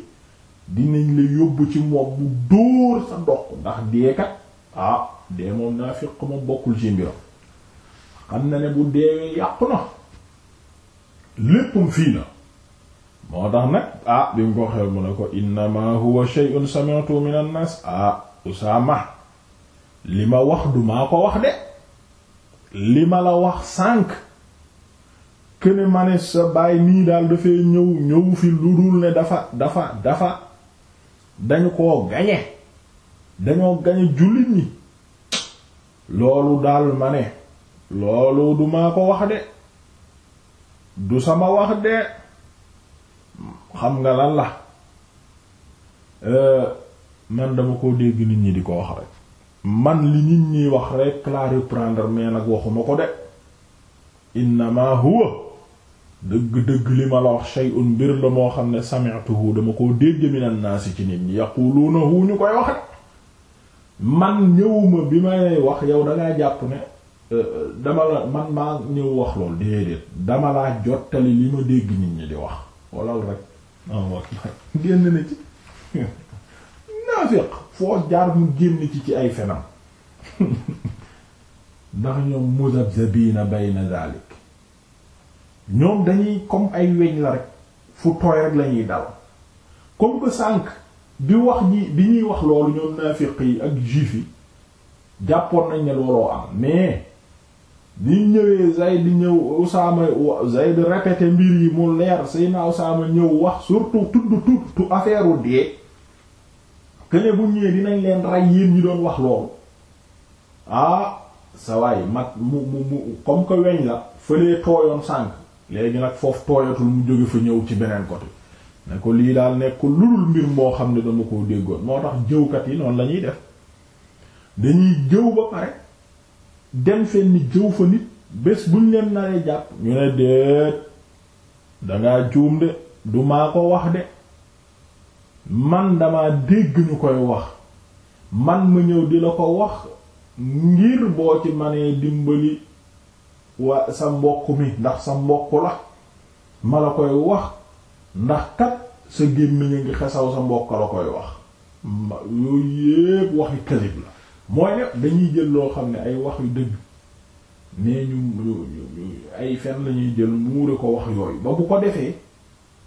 dinañ la yóbbu ci moom mu dóor sa doq ndax deekat ah dee moom naa fiq moom bokkul ci mbiram xam na ne bu deewee yàqu na léppam fii na moo tax nag ah bi mu ko xew mu ne ko innama huwa shay'un sami'tu min an ah Usaama li ma wax du maa ko wax de li ma la wax sànq këne ma ne sa baay nii daal dafay ñëw ñëw fi lu dul ne dafa dafa dafa dañu koo gañe dañoo gañe jullit ñi loolu daal ma ne loolu du maa ko wax de du sama wax de xam nga lan la euh, man dama ko dégg nit ñi di ko wax rek man li nit ñi wax rek la reprendre mais nag waxuma ko de innama huwa dëgg-dëgg li ma la wax shay'un mbir la moo xam ne sami'tuhu dama koo dégg minan naasi ci nit ñi yaquluunahu ñu koy wax man ñëwuma bi may wax yow da jàpp ne euh, dama la man maa ñëw wax lool déedéet dama laa jottali li ma dégg nit ñi di wax walal rek non génn na ci naafiq foo jaar mu génn ci ci ay fenam ndax ñoom muzabzabina bayna zalik ñoom dañuy comme ay weñ la rek fu tooy rek lañuy dal comme que sànq bi wax ji bi ñuy wax loolu ñoom naafiq yi ak juif yi jàppoon nañ ne looloo am mais bi ñëwee Zayd ñëw Usaama Zayd répété mbir yi mu leer Seydina Usaama ñëw wax surtout tudd tudd affaire u dee kële bu ñëwee dinañ leen rey yéen ñu doon wax loolu ah sa waay mag mu mu mu comme que weñ la fëlee tooyoon sànk léegi nag foofu tooyatul mu jóge fa ñëw ci beneen côté ne ko lii daal nekkul lulul mbir moo xam ne dama koo déggoon moo tax jëwkat yi noonu la def dañuy jëw ba pare dem fenn jëw fa nit bés buñ leen naree jàpp ñu ne déet dangaa juum de du maa ko wax de man dama dégg ñu koy wax man ma ñëw di la ko wax ngir boo ci manee dimbali waa sa mbokk mi ndax sa mbokk la ma la koy wax ndax kat sa gémmiñ ngi xesaw sa mbokk la koy wax yooyu yépp waxi kalib la mooy ne dañuy jël loo xam ne ay wax yu dëgg nee ñu ay fen la ñuy jël muure ko wax yooyu ba bu ko defee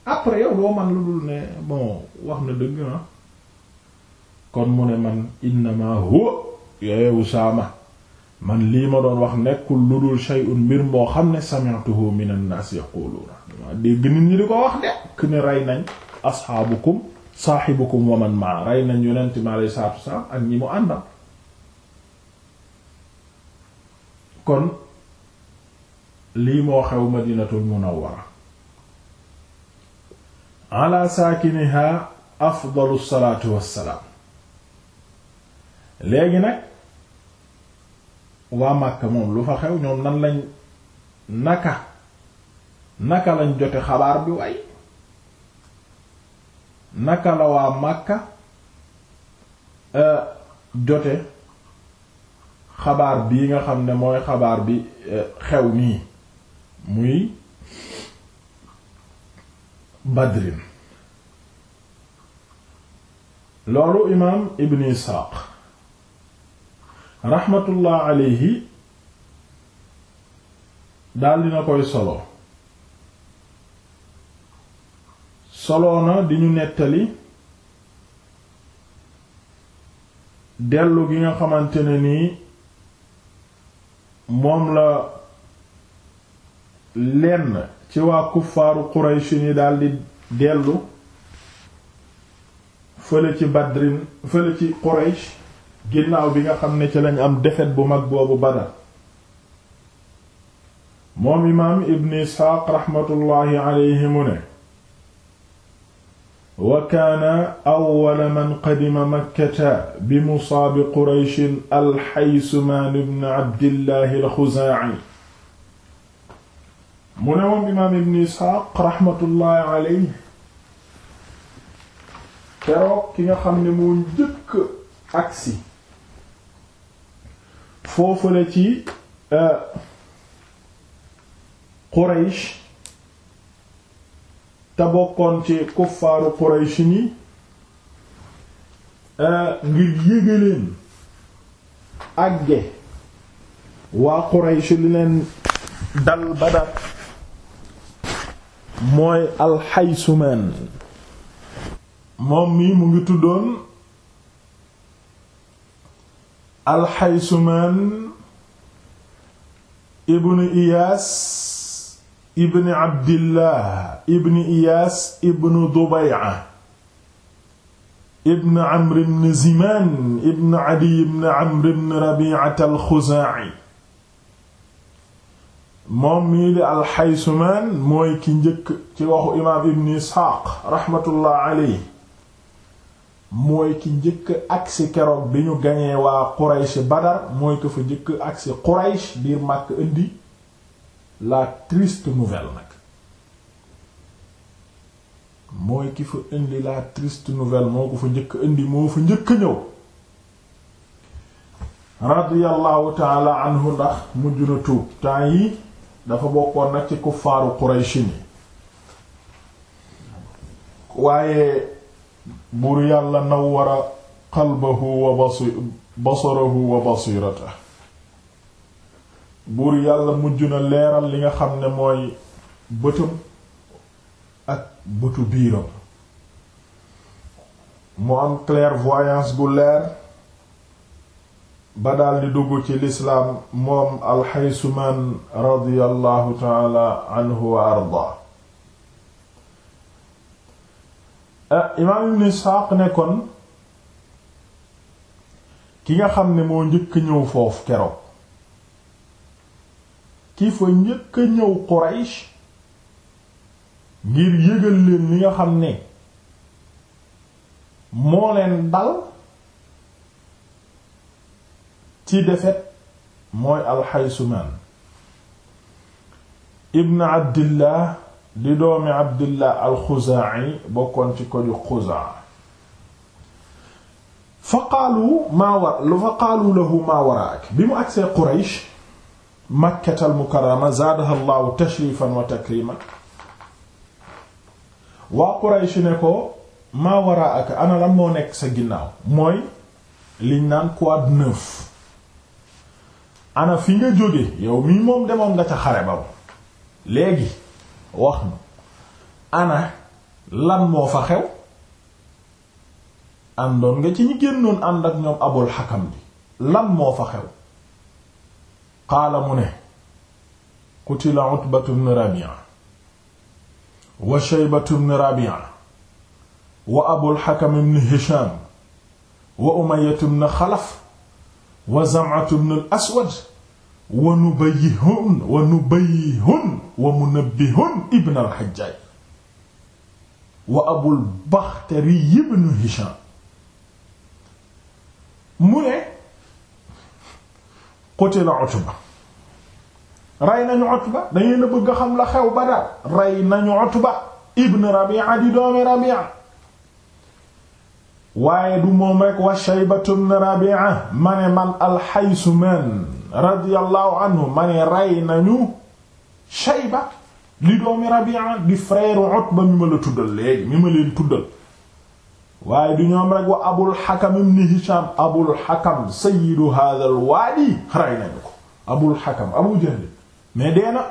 après yow doo man lu dul ne bon wax na dëgg na ah. kon mu ne man innama huwa ya Usaama man lii ma doon wax nekkul lu dul shay'un mbir moo xam ne sami'tuhu minan nas yaquluna ma dégg nit ñi di ko wax de ku rey nañ asxaabukum saaxibukum wa man ma rey nañ yonent mi alayhi salaatu wasalaam ak ñi mu àndam lii moo xew madinatul munawwara ala léegi nag waa Màkka moom lu fa xew ñoom nan lañ naka naka lañ jote xabaar bi waay naka la waa Màkka euh, jote xabaar bii nga xam ne mooy xabaar bi euh, xew nii muy Badrin loolu imaam Ibn Isaaq rahmatullah alayhi daal dina koy solo solo na di ñu nettali dellu gi nga xamante ne nii moom la lenn ci waa kuffaaru Quraysh ni daldi dellu fële ci Badrin fële ci Quraysh ginnaaw bi nga xam ne ci lañ am defet bu mag boobu Badar moom imaam ibn isxaaq raxmatullaahi aleyhi mu ne wa kaana bi ibn abdillaahi alxuzaa'i mu ne moom imaam ibn isxaaq raxmatullaahi aleyhi keroog ki nga xam ne moo njëkk agsi foofale ci euh, Quraysh te bokkoon ci kuffaaru Quraysh ni euh, ngir yégaleen àgge waa Quraysh li leen dal Badar mooy alxaysumaan moom mii mu ngi tuddoon alxaysumaan ibnu iyaas ibni abdillah ibni iyaas ibnu dubaya ibn amr ibn zimaan ibn adiy ibn amr ibn rabiicat alxuzaaci moom mii di alxaysumaan mooy ki njëkk ci waxu imaam ibn isxaaq raxmatullah aleyhi mooy ki njëkk agsi keroog bi ñu gañee waa Quraysh Badar mooy ko fa njëkk agsi Quraysh biir Makka indi la triste nouvelle nag mooy ki fa indi la triste nouvelle moo ko fa njëkk indi moo fa njëkk ñëw radiyallahu taala anhu ndax mujj na tuub temps yi dafa bokkoon nag ci kuffaaru Quraysh ni waaye buur yàlla nawwara qalbahu wa basi basarahu wa basirata buur yàlla mujj na leeral li nga xam ne mooy bëtam ak bëtu biiram mu am clairvoyance gu leer ba daldi dugg ci lislaam moom alxaysumaan radiyallahu taala anhu wa arda Eh, imaam ibn Isxaaq nekkoon ki nga xam ne moo njëkk ñëw foofu keroog ki fa njëkk ñëw Quraysh ngir yëgal leen li nga xam ne moo leen dal ci defet mooy Al ibn Abdillah di doomi abdillah alxuzaa'i bokkoon ci ko ju xuzaa fa qaalu maa war lu fa qaalu lahu maa waraak bi mu agsee quraysh makkata almukarama zaadaha llahu tashrifan wa takriman waa quraysh ne ko maa ak ana lan moo nekk sa ginnaaw mooy liñ naan quad neuf ana fi nga jóge yow mii moom demoon nga ca xare ba léegi wax na ana lan moo fa xew àndoon nga ci ñi génnoon ànd ak ñoom abul xakam bi lan moo fa xew qaala mu ne qutila utbatu bnu rabia wa shaybatu bnu rabia wa abul xakam bnu hisham wa umayatu bnu xalaf wa zam'atu bnu aswad wa nubayyihun wa nubayyihun wa munabbihun ibn al-Hajjaj wa Abul Bakhtari ibn Hisham mu ne qutila Utba rey nañu Utba dañuy na bëgg a xam la xew Badar rey nañu Utba ibn Rabi'a di doomi Rabi'a waaye du moom rek wa Shaybatu ibn Rabi'a ma ne man al-Haysuman radiyallahu anhu ma ne nañu Shayba li doomi Rabi'a di frère Utba mi ma la tuddal léegi mi ma leen tuddal waaye du ñoom rek wa Abul Hakam ibn Hisham Abul Hakam sayyidu hadha al wadi nañu ko Abul Hakam Abu Jahl mais dee na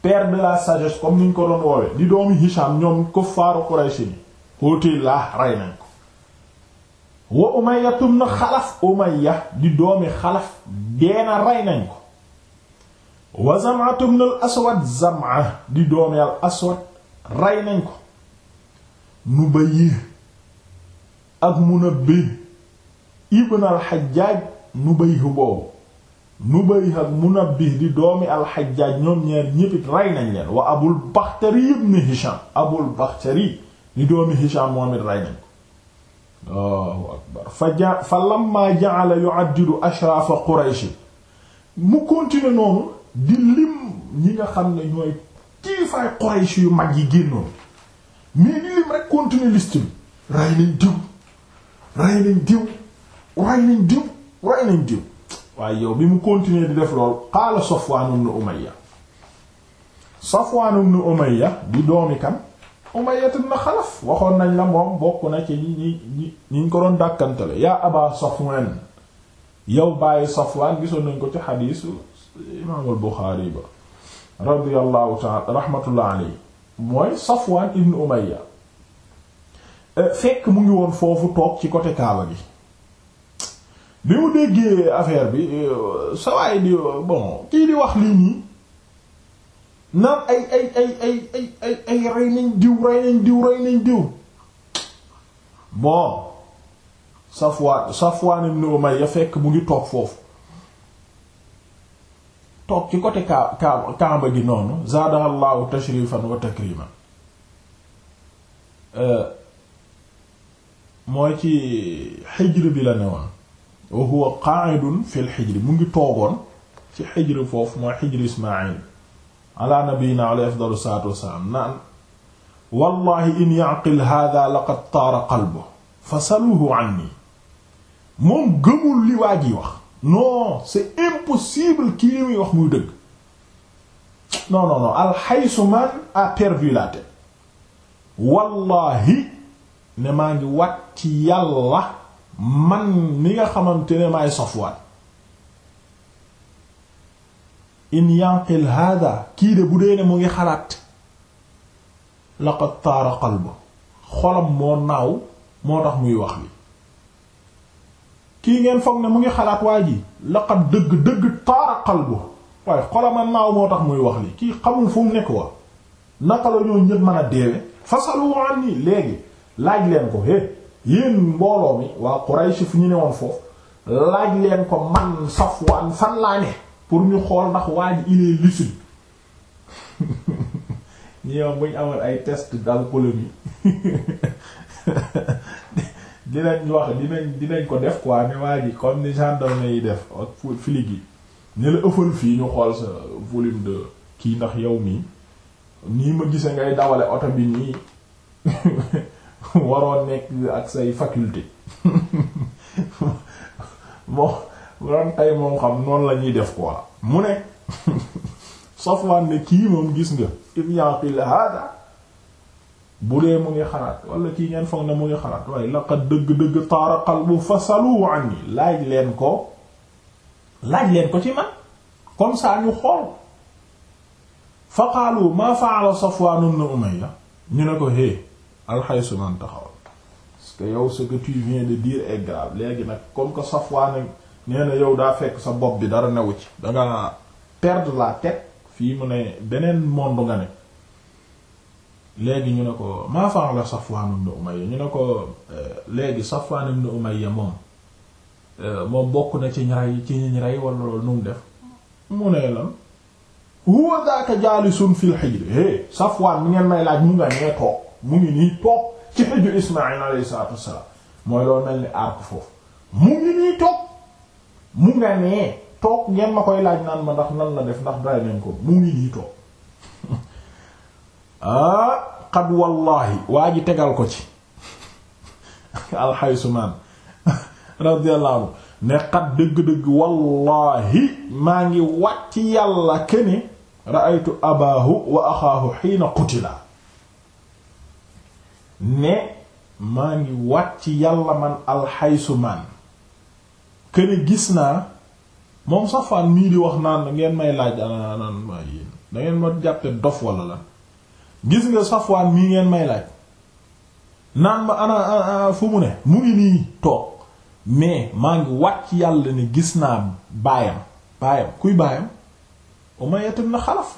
père de la sagesse comme niñ ko doon woowe di doomi Hisham ñoom kuffaaru Quraysh ni xóotil laa rey nañ ko wa Umayya ibn Xalaf Umayya di doomi Xalaf deena rey nañ ko wa Zam'a ibn al-Aswad Zam'a di doomi al-Aswad rey nañ ko Nubayy ak Munabbih ibn al-Hajjaj Nubayh boobu Nubayh ak Munabbih di doomi al-Hajjaj ñoom ñaar ñéppit rey nañ leen wa Abul Bakhtari ibn Hisham Abul Bakhtari di doomi Hisham moom it rey nañ ko akbar fa ja fa lamma ja'ala yu'addidu ashraafa Quraysh mu continuer noonu di lim ñi nga xam ne ñooy kiifaay Quraysh yu mag yi génnoon mais di lim rek continuer liste bi ray nañ diw ray nañ diw ray nañ diw ray nañ diw waaye yow bi mu continuer di def lool qaala Safwaan ibn Umayya Safwaan ibn Umayya di doomi kan Umayyah ibn Xalaf waxoon nañ la moom bokk na ci ñi ñi ñi ñiñ ko doon dàkkantale yaa Aba Safwan yow bàyyi Safwan gisoon nañ ko ci xadiisu imaamul Buxaari ba radiyallahu ta'ala rahmatullah alayhi mooy Safwan ibn Umayyah eh, fekk mu ngi woon foofu toog ci côté Kaaba gi bi mu déggee affaire bi eh, sawaay di bon kii di wax lii nii naan ay ay ay ay ay rey nañ diw rey nañ diw rey nañ diw bon Safwaan Safwaan ibn Umayya fekk mu ngi toog foofu toog ci côté ka ka gi noonu zaadahallahu tashrifan wa takriman euh, mooy ci xijr bi la ne woon wa huwa qa'idun fil xijr mu ngi toogoon ci xijr foofu mooy xijr Ismaayil ala nabiyina alayhi afdalu salaatu wassalaam naan wallahi in yaqil hada laqad taara qalbu fasaluhu anni moom gëmul li waa ji wax non c'est impossible kii li muy wax muy dëgg non non non alxaysu man a perdu la tête wallahi ne maa ngi wat ci yàlla man mi nga xamante ne maay Safwaan in yanqil hada kii de bu dee ne mu ngi xalaat laqad taara qalbu xolam moo naaw moo tax muy wax li kii ngeen foog ne mu ngi xalaat waa ji laqad dëgg dëgg taara qalbu waaye xolama naaw moo tax muy wax li kii xamul fu mu nekk wa naka la ñoo ñëpp a deewe fasalu nii léegi laaj leen ko é yéen mbooloo mi waa Quraysh fu ñu ne woon foofu laaj leen ko man Safwaan fan laa ne pour ñu xool ndax waa ji il est lucide yow buñ amal ay test d'alcoolémie dinañ wax dinañ dinañ ko def quoi mais waa ji comme ni gendarme yi def ak filig yi ne la ëffal fii ñu xool sa volume de kii ndax yow mii nii ma gise ngay dawale oto bi nii waroon nekk ak say faculté bon borom ay moom noonu la ñuy def quoi mu ne Safwan ne kii moom gis nga in yaqil hada bu dee mu ngi xalaat wala kii ngeen foog ne mu ngi xalaat waaye laqad dëgg-dëgg taara qalbu fasalu anni laaj leen ko laaj leen ko ci man comme ça ñu xool fa qaalu ma fa'ala Safwan ibn Umayya ñu ne ko hé alxaysu man taxawal parce que yow ce que tu de dire est grave léegi nag comme que Safwan nee na yow daa fekk sa bopp bi dara newu ci danga perdre laa teg fii mu ne beneen monde nga ne léegi ñu ne ko maa fa'ala Safwan ibn Umayya ñu ne eh, léegi Safwan ibn moom eh, moom bokk na ci ñaray ci ñi rey wala loolu nu mu def mu ne lan huwa daaka jaalisun fil hijr é Safwan mi ngeen may laaj mu nga nee toog mu ngi nii toog ci xijju Ismaïl alayhi salatu wassalam mooy loolu mel ni arc foofu mu ngi nii toog mu nga nee toog ngeen ma koy laaj naan ma ndax nan la def ndax day nañ ko mu ngi nii toog ah waa ji tegal ko ci alxaysumaan radiyallahu anhu ne qad dëgg-dëgg wallahi maa ngi wàcc yàlla kene ra'aytu abaahu wa axaahu xiina qutila ne maa ngi wàcc yàlla man alxaysumaan këne gis naa moom Safwaan mii di wax naan ngeen may laaj anaan ma yéen dangeen ma jàppe dof wala la gis nga Safwaan mii ngeen may laaj naan ma ana fu mu ne mu ngi nii toog mais maa ngi wàcc yàlla ni gis naa baayam baayam kuy baayam Umayya ibn Xalaf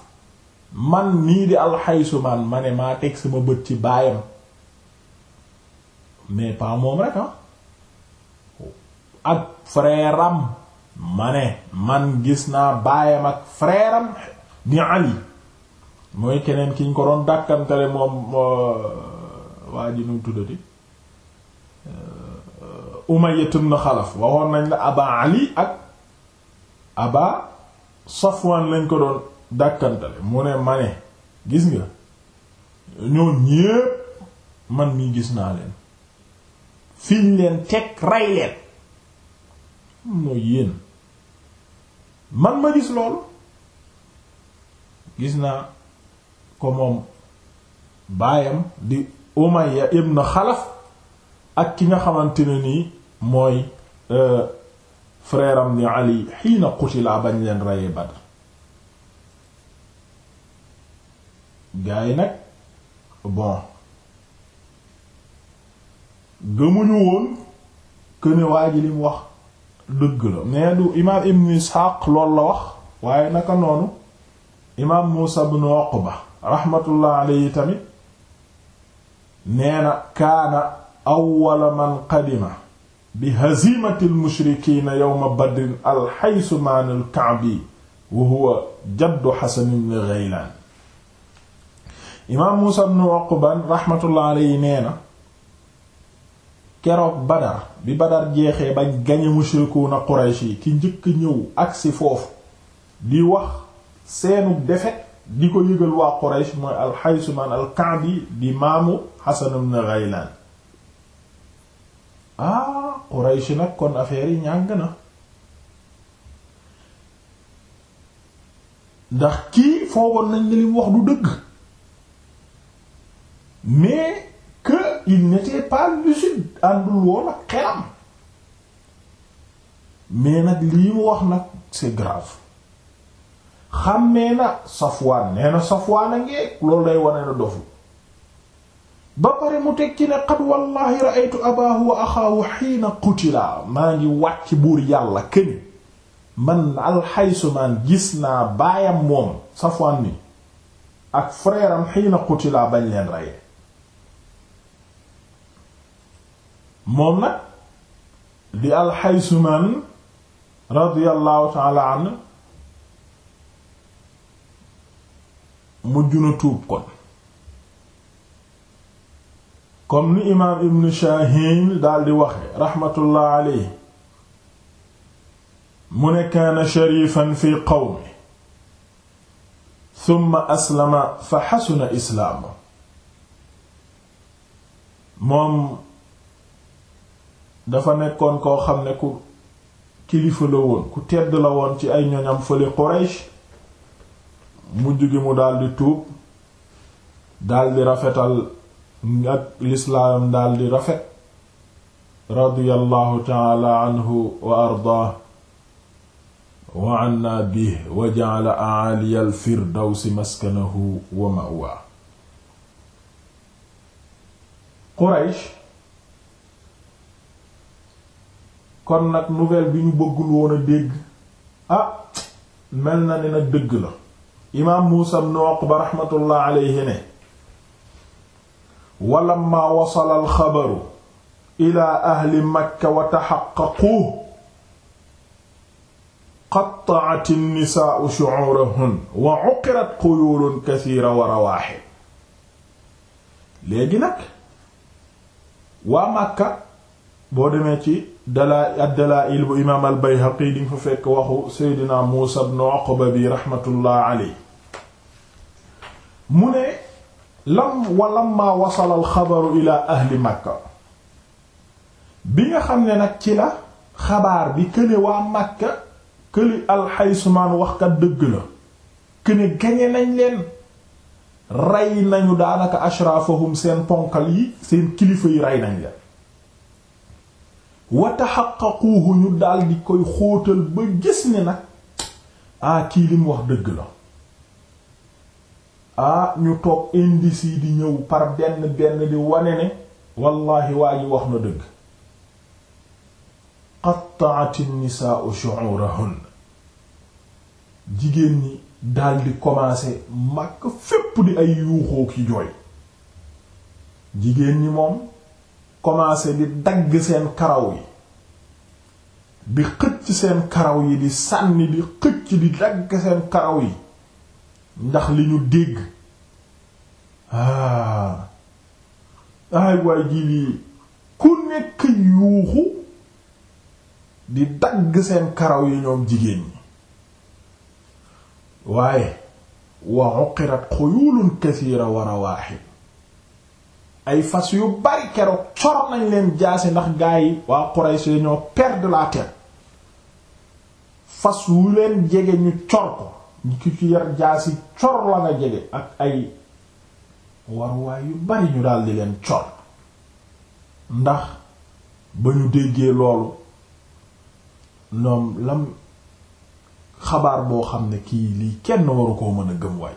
man nii di alxaysumaan ma ne maa teg sama bët ci baayam mais pas moom rek ah. ak frère am ma man gis naa baayam ak frère am di Ali mooy keneen ki ko doon dàkkantale moom euh, waa ji nu tuddati euh, Umayya ibn Xalaf waxoon nañ la Aba Ali ak Aba Safwan lañ ko doon dàkkantale mu ne ma gis nga ñoo ñépp man mi gis naa leen fiñ leen teg rey leen mooy yéen man ma gis loolu gis naa ko moom baayam di Umayya ibn Xalaf ak ki nga xamante ne nii mooy euh, frère am ni Ali xiina qutila bañ leen reyee Badr gaa nag bon gëmuñu woon que ne wax dëgg la mais du imaam ibn Isxaaq loolu la wax waaye naka noonu imaam Muusa ibn Uqba rahmatullah alayhi tamit nee na kaana awwala man qadima bi hazimati al-mushrikiina yawma badrin al-Haysumaan al-Ka'bi wa huwa jaddu Hasan ibn Ghaylaan imaam Muusa ibn Uqba rahmatullah alayhi nee na keroog Badar bi Badar jeexee ba gañe mushrikuuna Quraysh yi ki njëkk ñëw agsi foofu di wax seenu defet di ko yëgal waa Quraysh mooy al-Haysumaan al-Ka'bi di maamu Hasan ibn Ghaylaan ah Quraysh nag kon affaire ñàng na ndax kii foogoon nañ ne li wax du dëgg mais il n'était pas lucide àndul woon ak xelam mais nag lii mu wax nag c'est grave xàmmee na Safwaan nee na Safwaan a ngeeg loolu day wane na dofu ba pare mu teg ci ne qad wallahi ra'aytu abaahu wa axaahu xiina qutilaa maa ngi wàcc buur yàlla këni man alxaysumaan gis naa baayam moom Safwaan ni ak frère xiina qutilaa bañ leen reyee moom nag di alxaysumaan radiyallahu taala an mujj na tuub kon comme ni imaam ibn Shaahin daal di waxe raxmatullah alayhi mu ne kaana sharifan fi qawmi summa aslama fa xasuna islaamu moom dafa nekkoon koo xam ne ku kilifa la woon ku tedd la woon ci ay ñoñam fële Quraysh mujj gi mu daldi tuub daldi rafetal ak lislaam daldi rafet radiyallahu taala anhu wa ardaah wa anna bih wa ja'ala a'aliya al maskanahu wa ma'waa Quraysh kon nag nouvelle bi ñu bëggul woon a dégg ah mel na ni nag dëgg la imaam Muusa ibn Uqba raxmatullah alayhi ne walamma wasala alxabaru ila ahli makka wa taxaqaquu qatta'at an-nisaa'u shu'uurahun wa 'uqirat quyuulun kasiira wa rawaaxil léegi nag waa Makka boo demee ci dalaa ad fekk waxu Seydina Muusa ibn Uqba mu ne lam wa lamma wasala al-xabaru ila ahli Makka bi nga xam ne nag ci la xabaar bi kële waa Makka këli al waxkat dëgg la këne gañe nañ leen rey nañu daanaka ashraafahum seen ponkal yi seen kilifa yi rey nañ leen wa taxaqaquuhu ñu daldi koy xóotal ba gis ni nag ah kii lim wax dëgg la ah ñu toog indice yi di ñëw par benn benn di wane ne wallahi waa ji wax na dëgg qatta'at an-nisaa'u shu'urahun jigéen ñi daldi commencer màkk fépp di ay yuuxoo ki jooy jigéen ñi moom commencé di dagg seen karaw yi di xëcc seen karaw yi di sànni di xëcc di dagg seen karaw yi ndax li ñu dégg ah ay waay ji lii ku nekk yuuxu di dagg seen karaw yi ñoom jigéen ñi waaye wa uqirat xuyulun kathira wa rawaaxib ay fas yu bari keroog cor nañ leen jaasi ndax gaa yi waa Quraysh ñoo perdre la tête fas wu leen jege ñu cor ko ñu ki ci yar jaasi cor la nga jege ak ay waruwaay yu bari ñu daal leen cor ndax ba ñu déggee loolu ñoom lam xabaar boo xam ne kii lii kenn waru koo mën a gëm waay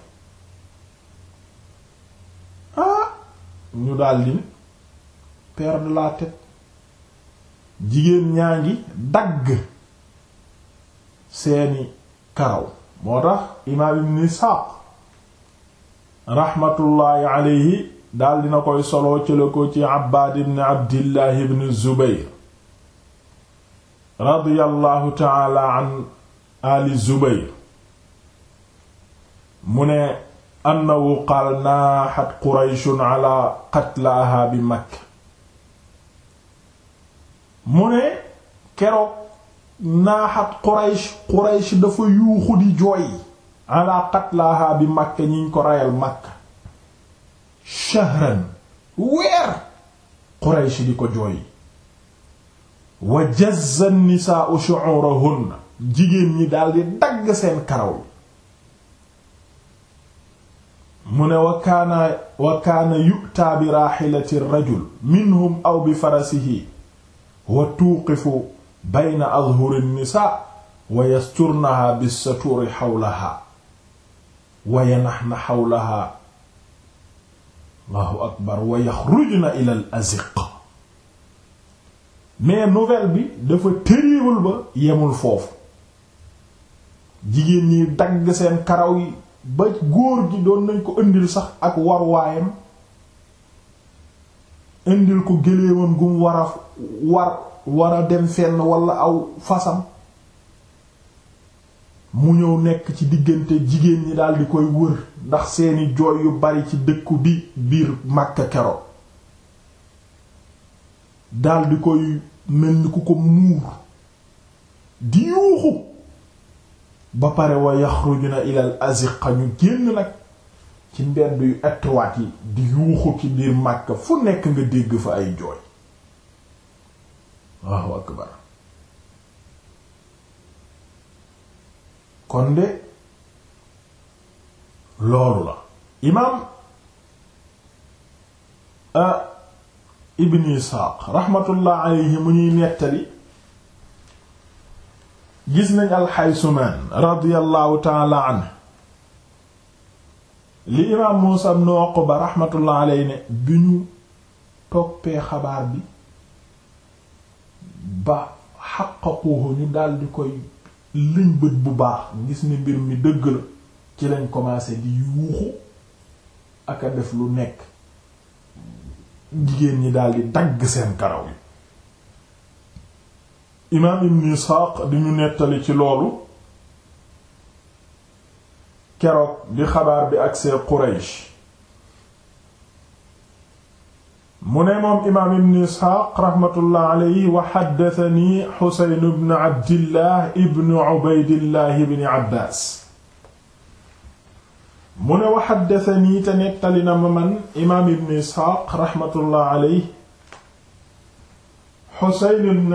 ñu daldi ne perdre la jigéen ñaa ngi dagg seeni karaw moo tax imaam ibn Isaaq raxmatullaahi alayhi daldi na koy soloo cëla ko ci Abbaad ibn Abdillah ibn Zubayr radiyallahu taala ali Zubayr mu ne annahu qaal naaxat qurayshun ala qatlaaha bi makka mu ne dafa yuuxu di jooy ala bi makka ñi ñu ko reyal makka shahran weer quraysh di jigéen ñi daldi dagg seen karaw mu ne wa kaana wa kaana yu'taa bi raaxilati rajul minhum aw bi farasihi wa tuuqifu bayna adhuri nisaa wa yasturnaha bissatuuri xawlaha wa yanaxna xawlaha allahu akbar wa yaxrujna ila al aziq mais nouvelle bi dafa terrible ba yemul foofu jigéen ñi dagg seen karaw yi ba góor gi doon nañ ko indil sax ak warwaayam indil ko géléemam gu war a war war dem fenn walla aw fasam mu ñëw nekk ci diggante jigéen ñi daldi koy wër ndax seeni jooy yu bari ci dëkku bi biir Makka kero daldi di koy mel ni ku ko muur di yuuxu ba pare wa yaxrujuna ilal aziqa ñu génn nag ci mbedd yu étroit yi di yuuxu ci biir Makka fu nekk nga dégg fa ay jooy waaw akbar kon de loolu la imaam ah, ibn Isaaq raxmatullah alayhi mu ñuy nettali gis nañ alxaysumaan radiyallahu taala anhu li imaam Muusa ibn Uqba raxmatullah alayhi ne bi ñu toppee xabaar bi ba xaqaquhu ñu daldi koy liñ bët bu baax gis ni mbir mi dëgg ci lañ commencé di yuuxu ak def lu nekk jigéen ñi daldi dagg seen karaw yi imaam ibn Isxaaq di nettali ci loolu keroog bi xabaar bi agsee Quraysh mu ne moom imaam ibn Isxaaq raxmatullah alayhi wa xaddatani Xuseyn ibn Abdillah ibn Ubaydillah Abbaas mu ne wa xaddatani te nettali na ma man imaam ibn Isxaaq raxmatullah alayhi Xuseyn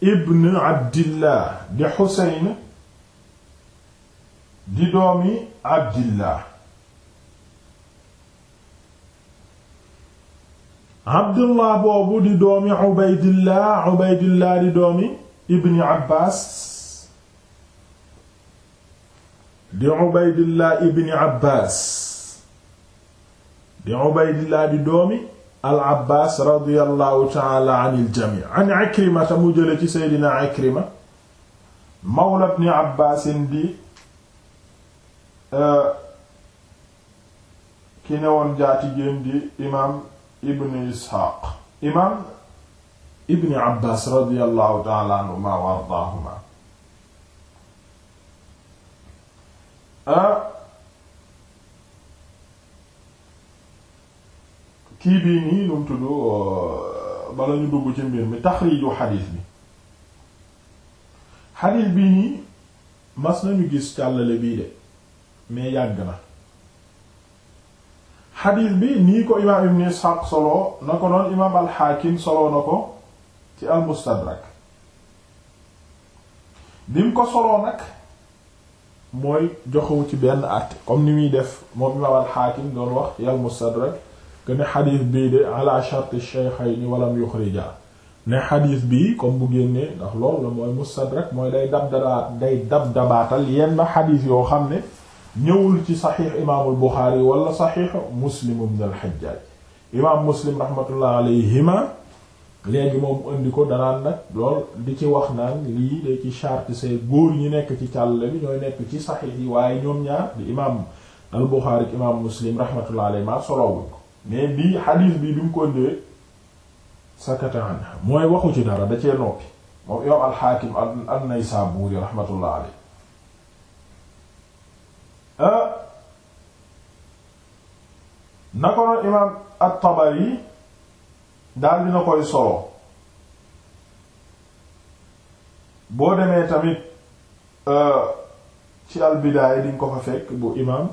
ibn abdillah di xuseyn di doomi abdillah abdullah boobu di doomi ubaydillah ubaydillah di doomi ibni abbas di ubaydillah ibni abbas di ubaydillah di doomi al abbaas radiyallahu taala an il jamii an ikrimata mu jële ci seydina ikrima mawla ibn abbaasin di euh, ki ne woon jaatigéen di imaam ibn isxaaq imaam ibn abbaas radiyallahu taala anhuma wa ardaahuma euh, kii bii nii lu mu tudd euh, bala ñu dugg ci mbir mi taxriiju xadiis bi xadiis bi nii mas nañu gis càllale bii de mais yàgg na xadiis bi nii ko imaam ibn Isxaaq solo na ko noon imaam alxaakim solo na ko ci almustadrak bi mu ko soloo nag mooy joxewu ci benn àtte comme ni muy def moom imaam alxaakim doon wax yal mustadrak que ne xadis bii de ala sharti shaykhayni walam yuxrija ne xadis bii comme bu génnee ndax loolu la mooy mustadrak mooy day dab dabaat day dab yenn xadis yoo xam ne ñëwul ci saxiix imaamul buxaari wala saxiix muslim ibn al-hajjaj imaam muslim rahmatullah alayhima léegi moom indi ko danaan nag lool di ci wax naan lii de ci charte say góor ñi nekk ci càll bi ñooy nekk ci saxiix yi waaye ñoom ñaar di imaam al buxaari ak imaam muslim rahmatullah alayhima solowuñ mais bii xadiis bi bi mu ko indee sakata an mooy waxu ci dara da cee noppi moom yow alxaakim an-Naysaburi rahmatullah alayhi ah na ko noon imaam at-Tabari daal dina koy solo boo demee tamit ah, ci al-Bidaaya di nga ko fa fekk bu imaam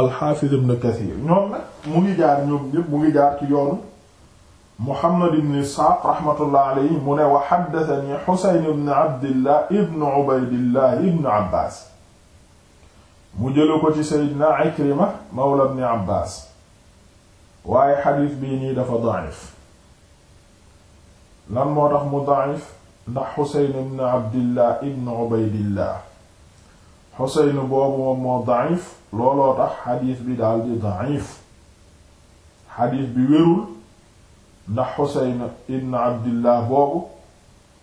alxaafiz ibn kathir ñoom nag mu ngi jaar ñoom ñépp mu ngi jaar ci yoonu muhammad ibn isxaaq rahmatullah alayhi mu ne wa xaddatani xusayn ibn abdillah ibn ubaydillah ibn abbaas mu jëlu ko ci seydina ikrima mawla ibn abbaas waaye xadiis bii nii dafa daif lan moo tax mu daif ndax xusayn ibn abdillah ibn ubaydillah Xuseyn boobu moom moo daif looloo tax xadiis bi daal di daif xadiis bi wérul ndax Xuseyn ibn Abdillah boobu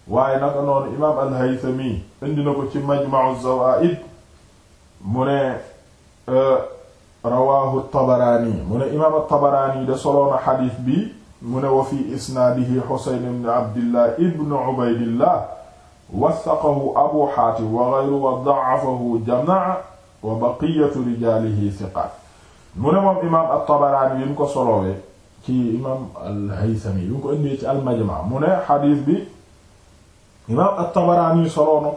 waaye naka noonu imaam al-Haythami indi na ko ci Majma'u Zawaa'id mu ne e, rawaahu Tabaraani mu ne imaam at-Tabaraani da soloona xadiis bi mu ne wa fi isnaadihi Xuseyn ibn Abdillah ibn Ubaydillah wasaqahu abu xaatim wa gayru wa daafahu jamaa wa baqiyatu rijaalihi siqaat mu ne moom imaam at-Tabaraani yi mu ci imaam al-Haythami yi mu al-Majmaa mu ne xadiis bi imaam at-Tabaraani soloono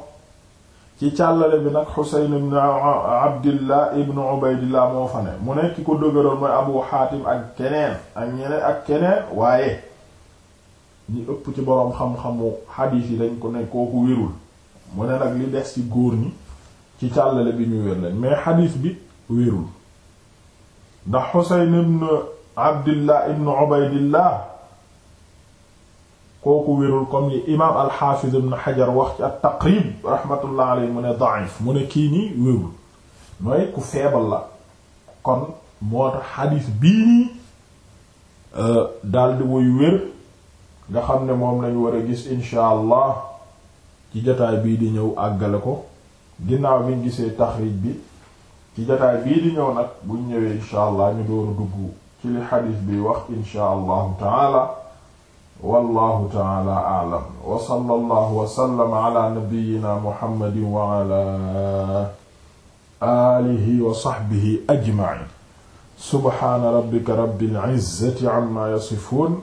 ci càllale bi nag Xuseyn ibn Abdillah ibn Ubaydillah moo mu ne ki ko dëgëroon mooy abu xaatim ak keneen ak ñi ëpp ci boroom xam-xamu xadiis yi dañ ko ne kooku wérul mu ne nag li des ci góor ñi ci càllale bi ñu wér lañ mais xadiis bi wérul ndax Xuseyn ibn Abdillah ibn Ubaydillah kooku wérul comme li imaam al-Hafiz ibn wax ci at-Taqrib rahmatullah alayhi mu ne da'if mu ne kii nii wérul mooy ku feebal la kon moo tax xadiis bii nii euh, daldi woy wér nga xam ne moom lañ war a gis incha allah ci jataay bii di ñëw àggale ko ginnaaw biñ gisee taxrij bi ci jataay bii di ñëw nag buñ ñëwee incha allah ñu dooru dugg ci li xadis bi wax incha allahu taala wallahu taala aalam wa sallallahu wa sallama ala nabiyyina muhammadin wa ala alihi wa sahbihi ajma'in subhaana rabbika rabbil izzati amma yasifun